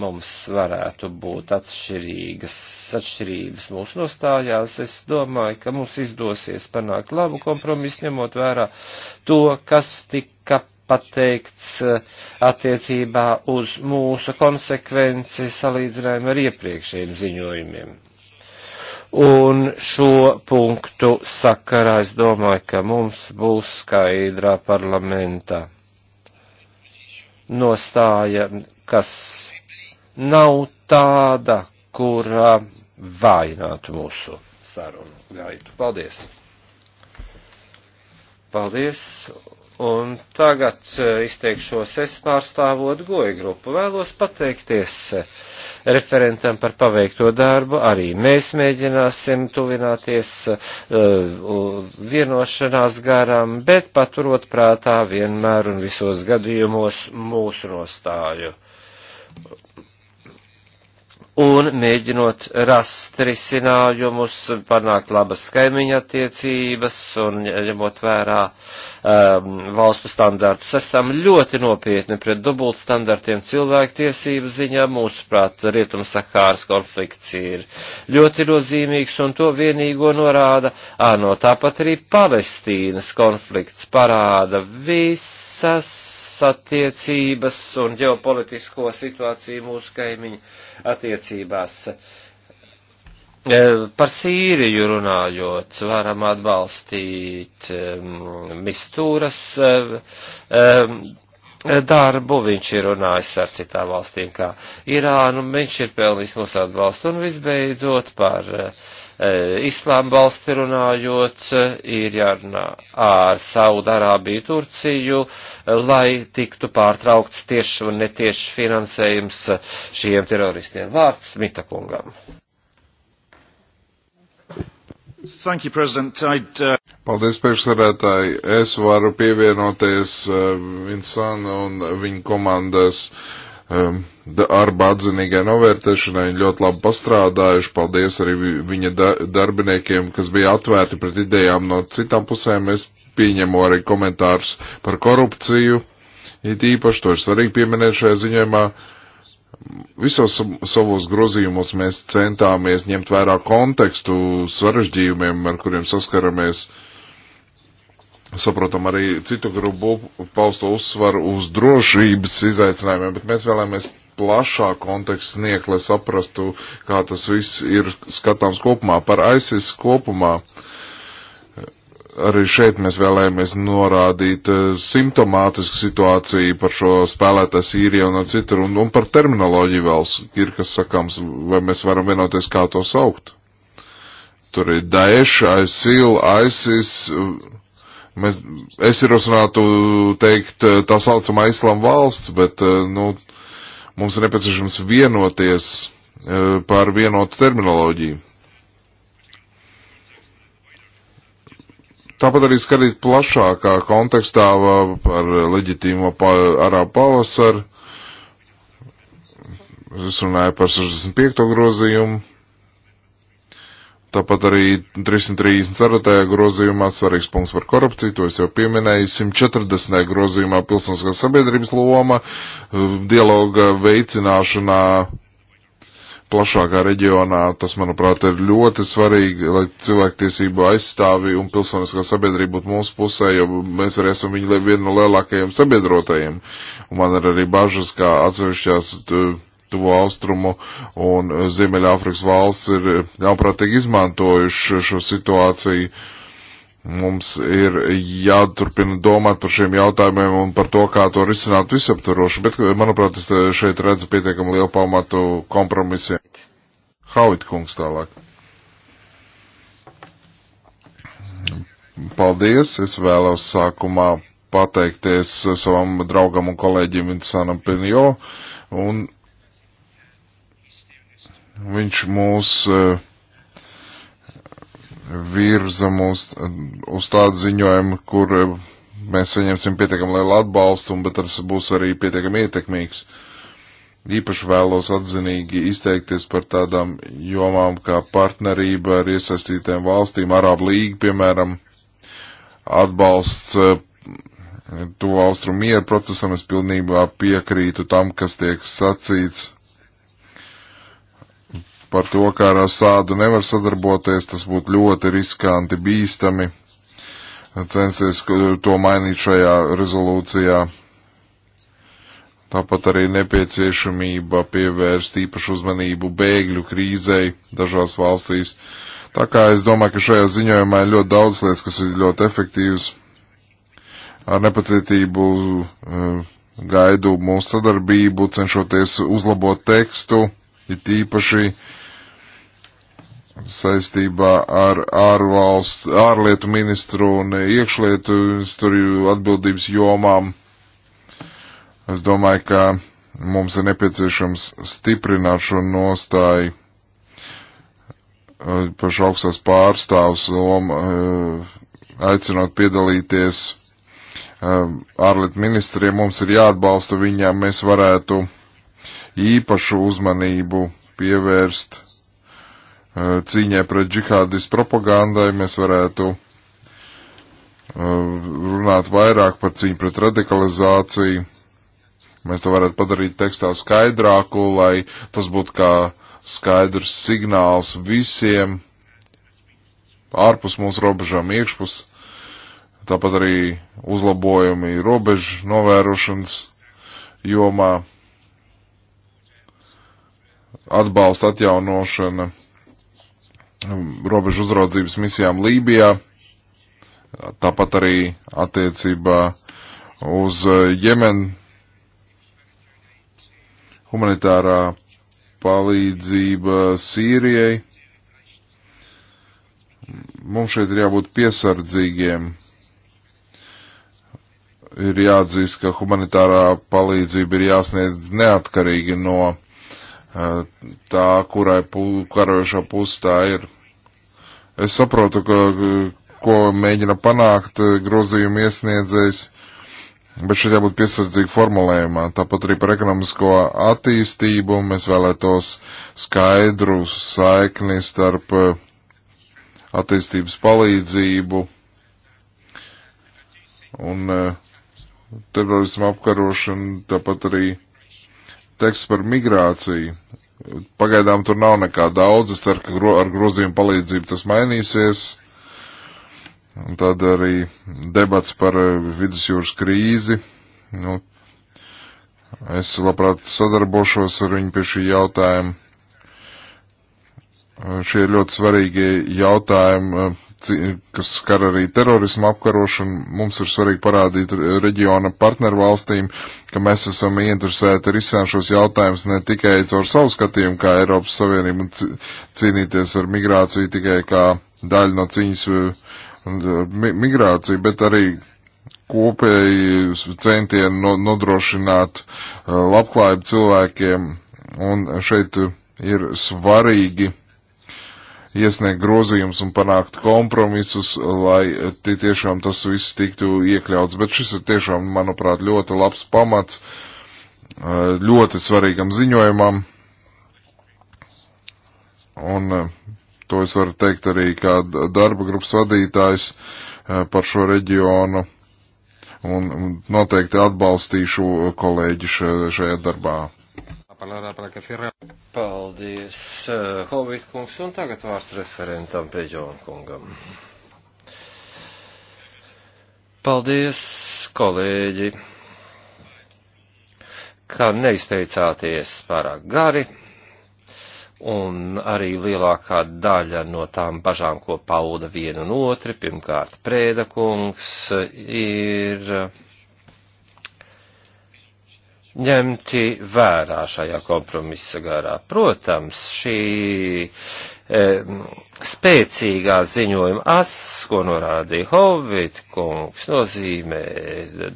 mums varētu būt atšķirīgas atšķirības mūsu nostājās, es domāju, ka mums izdosies panākt labu kompromisu, ņemot vērā to, kas tika pateikts eh, attiecībā uz mūsu konsekvenci salīdzinājumu ar iepriekšējiem ziņojumiem. Un šo punktu sakarā es domāju, ka mums būs skaidrā parlamenta nostāja, kas nav tāda, kur vājinātu mūsu sarunu gaitu. Paldies! Paldies! Un tagad izteikšos es pārstāvot goja grupu. Vēlos pateikties referentam par paveikto darbu. Arī mēs mēģināsim tuvināties vienošanās garām, bet paturot prātā vienmēr un visos gadījumos mūsu nostāju un mēģinot rast risinājumus, panākt labas kaimiņa attiecības un ņemot vērā um, valstu standartus. Esam ļoti nopietni pret dubult standartiem cilvēktiesību ziņā. Mūsuprāt, Rietum-Sakāras konflikts ir ļoti nozīmīgs un to vienīgo norāda ANO. Tāpat arī Palestīnas konflikts parāda visas attiecības un ģeopolitisko situāciju mūsu kaimiņu attiecībās. E, par Sīriju runājot, varam atbalstīt um, mistūras um, Eh, darbu, viņš ir runājis ar citām valstīm kā Irānu, viņš ir pelnījis mūsu atbalstu un visbeidzot par e, islām valsti runājot, ir jārunā ar Saudarābiju, Turciju, lai tiktu pārtraukts tieši un netieši finansējums šiem teroristiem. Vārds Mitakungam. Thank you, President. I'd, uh... Paldies, priekšsarētāji. Es varu pievienoties uh, Vinsana un viņa komandas um, darba atzinīgai novērtēšanai. Viņi ļoti labi pastrādājuši. Paldies arī viņa da darbiniekiem, kas bija atvērti pret idejām no citām pusēm. Es pieņemu arī komentārus par korupciju. It īpaši to ir svarīgi pieminēt šajā ziņojumā. Uh, Visos savos grozījumos mēs centāmies ņemt vērā kontekstu sarežģījumiem, ar kuriem saskaramies. Saprotam arī citu grupu pausto uzsvaru uz drošības izaicinājumiem, bet mēs vēlamies plašā konteksta sniegt, lai saprastu, kā tas viss ir skatāms kopumā. Par ISIS kopumā uh, Arī šeit mēs vēlējāmies norādīt eh, simptomātisku situāciju par šo spēlētāju Sīriju un citur, un, un par terminoloģiju vēl ir kas sakams, vai mēs varam vienoties, kā to saukt. Tur ir Daesh, ISIL, ISIS, mēs, es ierosinātu teikt eh, tā saucamā islama valsts, bet, eh, nu, mums ir nepieciešams vienoties par vienotu terminoloģiju. Tāpat arī skatīt plašākā kontekstā par leģitīmo arābu pavasaru. Es runāju par 65. grozījumu. Tāpat arī 334. grozījumā svarīgs punkts par korupciju, to es jau pieminēju, 140. grozījumā pilsoniskās sabiedrības loma, dialoga veicināšanā plašākā reģionā. Tas, manuprāt, ir ļoti svarīgi, lai cilvēktiesību aizstāvi un pilsoniskā sabiedrība būtu mūsu pusē, jo mēs arī esam viņu vienu no lielākajiem sabiedrotajiem. Un man ir arī bažas, kā atsevišķās tuvo austrumu un Ziemeļāfrikas valsts ir ļaunprātīgi izmantojuši šo situāciju. Uh, Mums ir jāturpina domāt par šiem jautājumiem un par to, kā to risināt visaptvaroši, bet, manuprāt, es šeit redzu pietiekami lielu pamatu kompromisiem. Hauit kungs tālāk. Paldies, es vēlos sākumā pateikties savam draugam un kolēģim Vincentam Pinjo, un viņš mūs uh, virza mūs eh, uz tādu ziņojumu, kur eh, mēs saņemsim pietiekami lielu atbalstu, bet tas būs arī pietiekami ietekmīgs. Īpaši vēlos atzinīgi izteikties par tādām jomām kā partnerība ar iesaistītēm valstīm, Arābu līga, piemēram, atbalsts eh, to austrumu mieru procesam. Es pilnībā piekrītu tam, kas tiek sacīts par to, ka ar Asādu nevar sadarboties, tas būtu ļoti riskanti, bīstami. Censies uh, to mainīt šajā rezolūcijā. Tāpat arī nepieciešamība pievērst īpašu uzmanību bēgļu krīzei dažās valstīs. Tā kā es domāju, ka šajā ziņojumā ir ļoti daudz lietas, kas ir ļoti efektīvas. Ar nepacietību uh, gaidu mūsu sadarbību, cenšoties uzlabot tekstu, it īpaši uh, saistībā ar ārvalstu, ārlietu ministru un iekšlietu ministru atbildības jomām. Es domāju, ka mums ir nepieciešams stiprināt šo nostāju eh, pašu augstās pārstāvs lomu, eh, aicinot piedalīties eh, ārlietu ministriem, mums ir jāatbalsta viņam, mēs varētu īpašu uzmanību pievērst Eh, cīņai pret džihādis propagandai mēs varētu eh, runāt vairāk par cīņu pret radikalizāciju. Mēs to varētu padarīt tekstā skaidrāku, lai tas būtu kā skaidrs signāls visiem ārpus mūsu robežām, iekšpus. Tāpat arī uzlabojumi robežu novērošanas jomā, atbalsta atjaunošana Um, robežu uzraudzības misijām Lībijā, tāpat arī attiecībā uz uh, Jemen humanitārā palīdzība Sīrijai. Mums šeit ir jābūt piesardzīgiem ir jāatzīst, ka humanitārā palīdzība ir jāsniedz neatkarīgi no Eh, tā, kurai karojošā puse tā ir. Es saprotu, ka, ko mēģina panākt eh, grozījuma iesniedzējs, bet šeit jābūt piesardzīgi formulējumā. Tāpat arī par ekonomisko attīstību mēs vēlētos skaidru saikni starp eh, attīstības palīdzību un terorismu apkarošanu, tāpat arī teksts par migrāciju. Pagaidām tur nav nekā daudz, es ceru, ka gro, ar grozījumu palīdzību tas mainīsies. Un tad arī debats par eh, vidusjūras krīzi. Nu, es labprāt sadarbošos ar viņu pie šī jautājuma. Šie ir ļoti svarīgi jautājumi eh, kas skar arī terorismu apkarošanu, mums ir svarīgi parādīt reģiona partnervalstīm, ka mēs esam ieinteresēti risināt šos jautājumus ne tikai caur savu skatījumu, kā Eiropas Savienība cīnīties ar migrāciju tikai kā daļu no cīņas uh, uh, migrāciju, bet arī kopēji centieni nodrošināt uh, labklājību cilvēkiem, un šeit ir svarīgi iesniegt grozījums un panākt kompromisus, lai eh, tiešām tas viss tiktu iekļauts. Bet šis ir tiešām, manuprāt, ļoti labs pamats eh, ļoti svarīgam ziņojumam. Un eh, to es varu teikt arī kā darba grupas vadītājs par šo reģionu. Un noteikti atbalstīšu kolēģi šajā darbā. Paldies, eh, Hovit kungs, un tagad vārds referentam Preģona kungam. Paldies, kolēģi, ka neizteicāties pārāk gari un arī lielākā daļa no tām bažām, ko pauda viena un otri, pirmkārt, prēda kungs, ir ņemti vērā šajā kompromisa garā. Protams, šī eh, spēcīgā ziņojuma as, ko norādīja Hovit kungs, nozīmē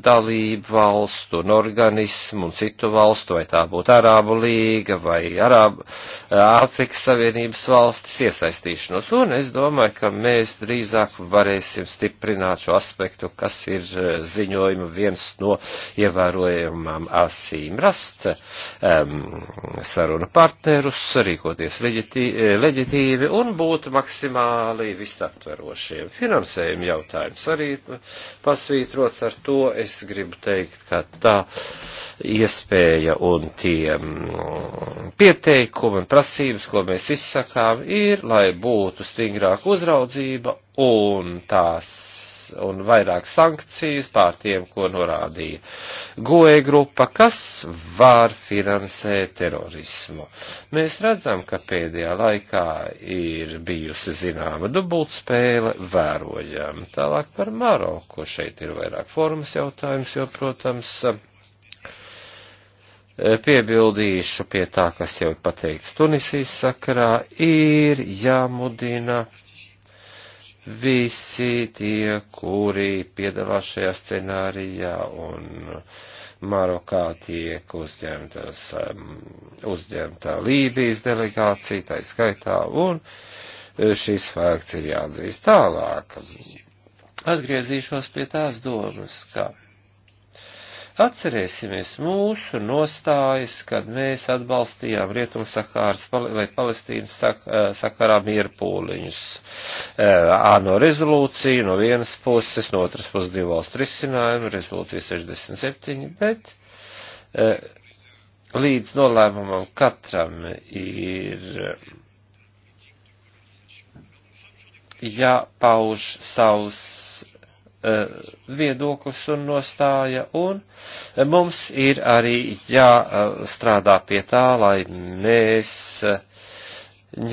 dalību valstu un organismu un citu valstu, vai tā būtu Arābu līga vai Arābu, Āfrikas Savienības valstis iesaistīšanos. Un es domāju, ka mēs drīzāk varēsim stiprināt šo aspektu, kas ir e, ziņojuma viens no ievērojumām asīm rast um, sarunu partnerus, rīkoties e, leģitīvi un būt būtu maksimāli visaptverošiem. Finansējuma jautājums arī pasvītrots ar to, es gribu teikt, ka tā iespēja un tie pieteikumi un prasības, ko mēs izsakām, ir, lai būtu stingrāka uzraudzība un tās un vairāk sankcijas pār tiem, ko norādīja GOE grupa, kas var finansēt terorismu. Mēs redzam, ka pēdējā laikā ir bijusi zināma dubultspēle, vērojam. Tālāk par Maroku šeit ir vairāk formas jautājums, jo, protams, piebildīšu pie tā, kas jau ir pateikts Tunisijas sakarā, ir jāmudina. Ja visi tie, kuri piedalās šajā scenārijā un Marokā tiek uzņemtas, uzņemta Lībijas delegācija, tā skaitā, un e, šis fakts ir jāatzīst tālāk. Atgriezīšos pie tās domas, ka Atcerēsimies mūsu nostājas, kad mēs atbalstījām Rietumsakāras vai Palestīnas sak eh, sakarā mierpūliņus. Āno eh, rezolūciju no vienas puses, no otras puses divu valstu risinājumu, rezolūcija 67, bet eh, līdz nolēmumam katram ir jāpauž savs E, viedoklis un nostāja, un mums ir arī jāstrādā pie tā, lai mēs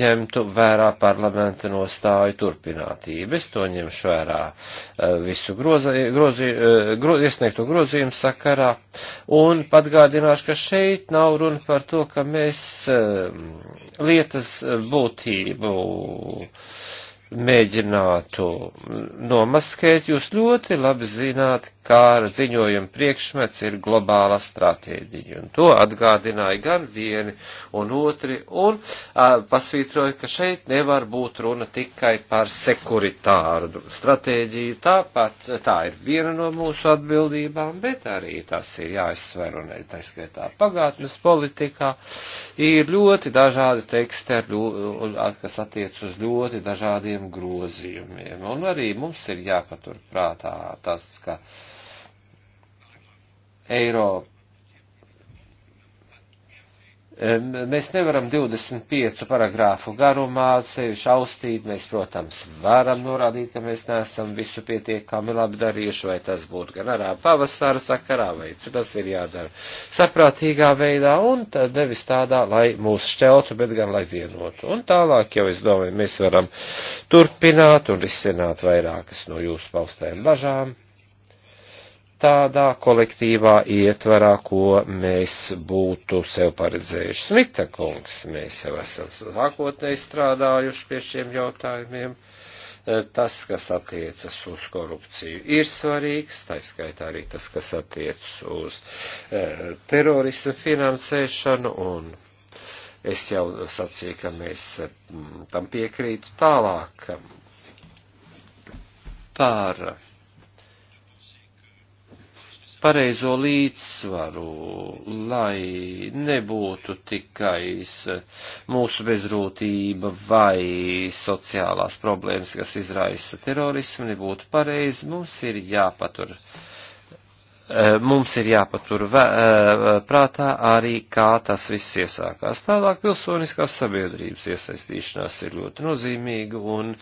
ņemtu vērā parlamenta nostāju turpinātību. Es to ņemšu vērā e, visu groza, grozi, e, gro, iesniegto grozījumu sakarā un patgādināšu, ka šeit nav runa par to, ka mēs lietas būtību mēģinātu nomaskēt, jūs ļoti labi zināt, kā ziņojuma priekšmets ir globāla stratēģija. Un to atgādināja gan vieni un otri, un a, pasvītroja, ka šeit nevar būt runa tikai par sekuritāru stratēģiju. Tāpat tā ir viena no mūsu atbildībām, bet arī tas ir jāizsver un tā skaitā pagātnes politikā. Ir ļoti dažādi teksti, ar, kas attiec uz ļoti dažādiem grozījumiem. Un arī mums ir jāpatur prātā tas, ka uh, eiro. Mēs nevaram 25 paragrāfu garumā sevišķi austīt, mēs, protams, varam norādīt, ka mēs neesam visu pietiekami labi darījuši, vai tas būtu gan arā pavasara sakarā, vai tas ir jādara saprātīgā veidā, un tad nevis tādā, lai mūs šķeltu, bet gan lai vienotu. Un tālāk jau, es domāju, mēs varam turpināt un risināt vairākas no jūsu paustēm bažām tādā kolektīvā ietvarā, ko mēs būtu sev paredzējuši. Smita kungs, mēs jau esam sākotnēji strādājuši pie šiem jautājumiem. E, tas, kas attiecas uz korupciju, ir svarīgs, tā skaitā arī tas, kas attiecas uz e, terorismu finansēšanu un es jau sacīju, ka mēs e, tam piekrītu tālāk par pareizo līdzsvaru, lai nebūtu tikai mūsu bezrūtība vai sociālās problēmas, kas izraisa terorismu, nebūtu pareizi. Mums ir jāpatur. Uh, Eh, mums ir jāpatur eh, prātā arī, kā tas viss iesākās. Tālāk pilsoniskās sabiedrības iesaistīšanās ir ļoti nozīmīga un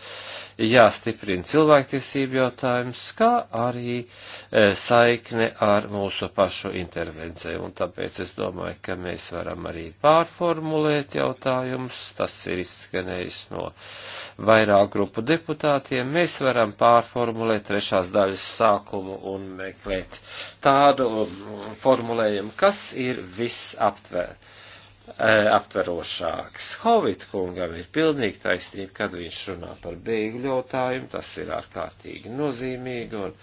jāstiprina cilvēktiesību jautājums, kā arī eh, saikne ar mūsu pašu intervenciju. Un tāpēc es domāju, ka mēs varam arī pārformulēt jautājumus. Tas ir izskanējis no vairāk grupu deputātiem. Mēs varam pārformulēt trešās daļas sākumu un meklēt tādu mm, formulējumu, kas ir visaptver, e, aptverošāks. Hovit kungam ir pilnīgi taisnība, kad viņš runā par bēgļu jautājumu, tas ir ārkārtīgi nozīmīgi, un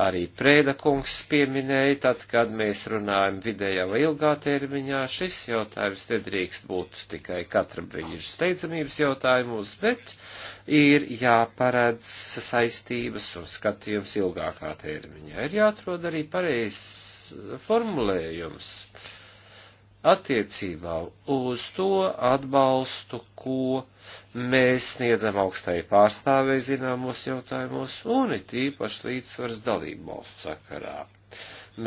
arī Prēda kungs pieminēja, tad, kad mēs runājam vidējā vai ilgā termiņā, šis jautājums nedrīkst būt tikai katra brīža steidzamības jautājumos, bet ir jāparedz saistības un skatījums ilgākā termiņā. Ir jāatrod arī pareizs formulējums attiecībā uz to atbalstu, ko mēs sniedzam augstai pārstāvei zināmos jautājumos un it īpaši līdzsvars dalību valstu sakarā.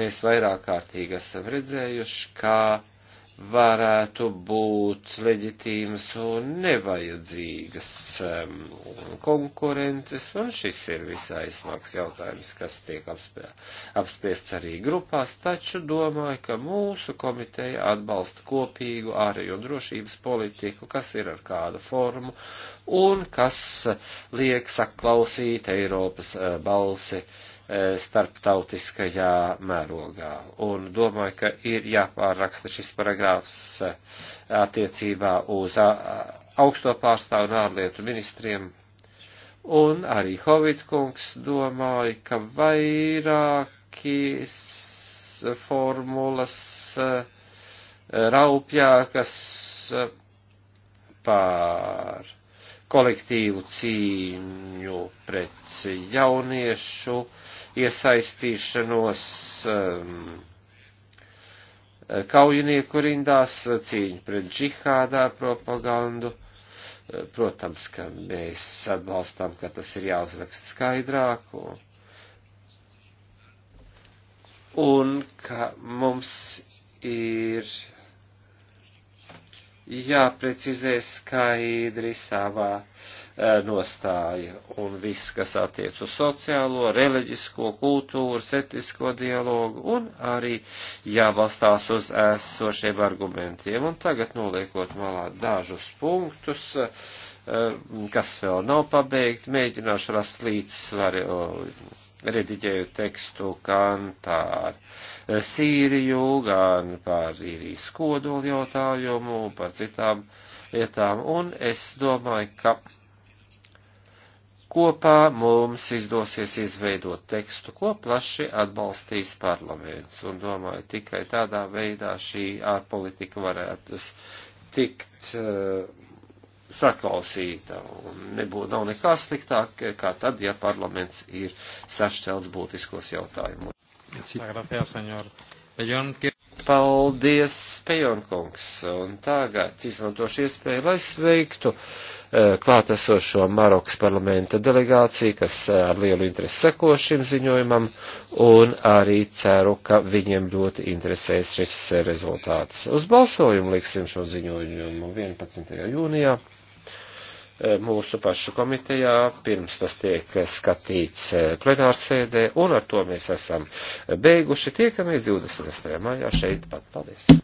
Mēs vairāk kārtīgi esam redzējuši, kā varētu būt leģitīmas un nevajadzīgas um, konkurences, un šis ir visai smags jautājums, kas tiek apspē, apspiests arī grupās, taču domāju, ka mūsu komiteja atbalsta kopīgu ārējo drošības politiku, kas ir ar kādu formu, un kas liek saklausīt Eiropas uh, balsi uh, E, starptautiskajā mērogā. Un domāju, ka ir jāpārraksta šis paragrāfs e, attiecībā uz augsto pārstāvu un ārlietu ministriem. Un arī Hovitkungs domāja, ka vairākas formulas e, raupjākas par kolektīvu cīņu pret jauniešu uh, iesaistīšanos um, kaujinieku rindās, cīņu pret džihādā propagandu. Protams, ka mēs atbalstām, ka tas ir jāuzraksta skaidrāk. Un, un ka mums ir jāprecizē skaidri savā uh, E, nostāja un viss, kas attiec uz sociālo, reliģisko, kultūras, etisko dialogu un arī jābalstās uz esošiem argumentiem. Un tagad noliekot malā dažus punktus, e, kas vēl nav pabeigti, mēģināšu rast līdzsvaru rediģēju tekstu gan par e, Sīriju, gan par īrijas kodolu jautājumu, par citām lietām, un es domāju, ka Kopā mums izdosies izveidot tekstu, ko plaši atbalstīs parlaments, un domāju, tikai tādā veidā šī ārpolitika varētu tikt uh, saklausīta, un nebūtu nav nekā sliktāk, kā tad, ja parlaments ir sašķelts būtiskos jautājumos. Paldies, Pejonkungs, un tagad izmantošu iespēju, lai sveiktu eh, klātesošo Marokas parlamenta delegāciju, kas eh, ar lielu interesi seko šim ziņojumam, un arī ceru, ka viņiem ļoti interesēs šis eh, rezultāts. Uz balsojumu liksim šo ziņojumu 11. jūnijā. E, mūsu pašu komitejā, pirms tas tiek skatīts e, plenārsēdē, un ar to mēs esam beiguši. Tiekamies 26. maijā šeit pat. Paldies!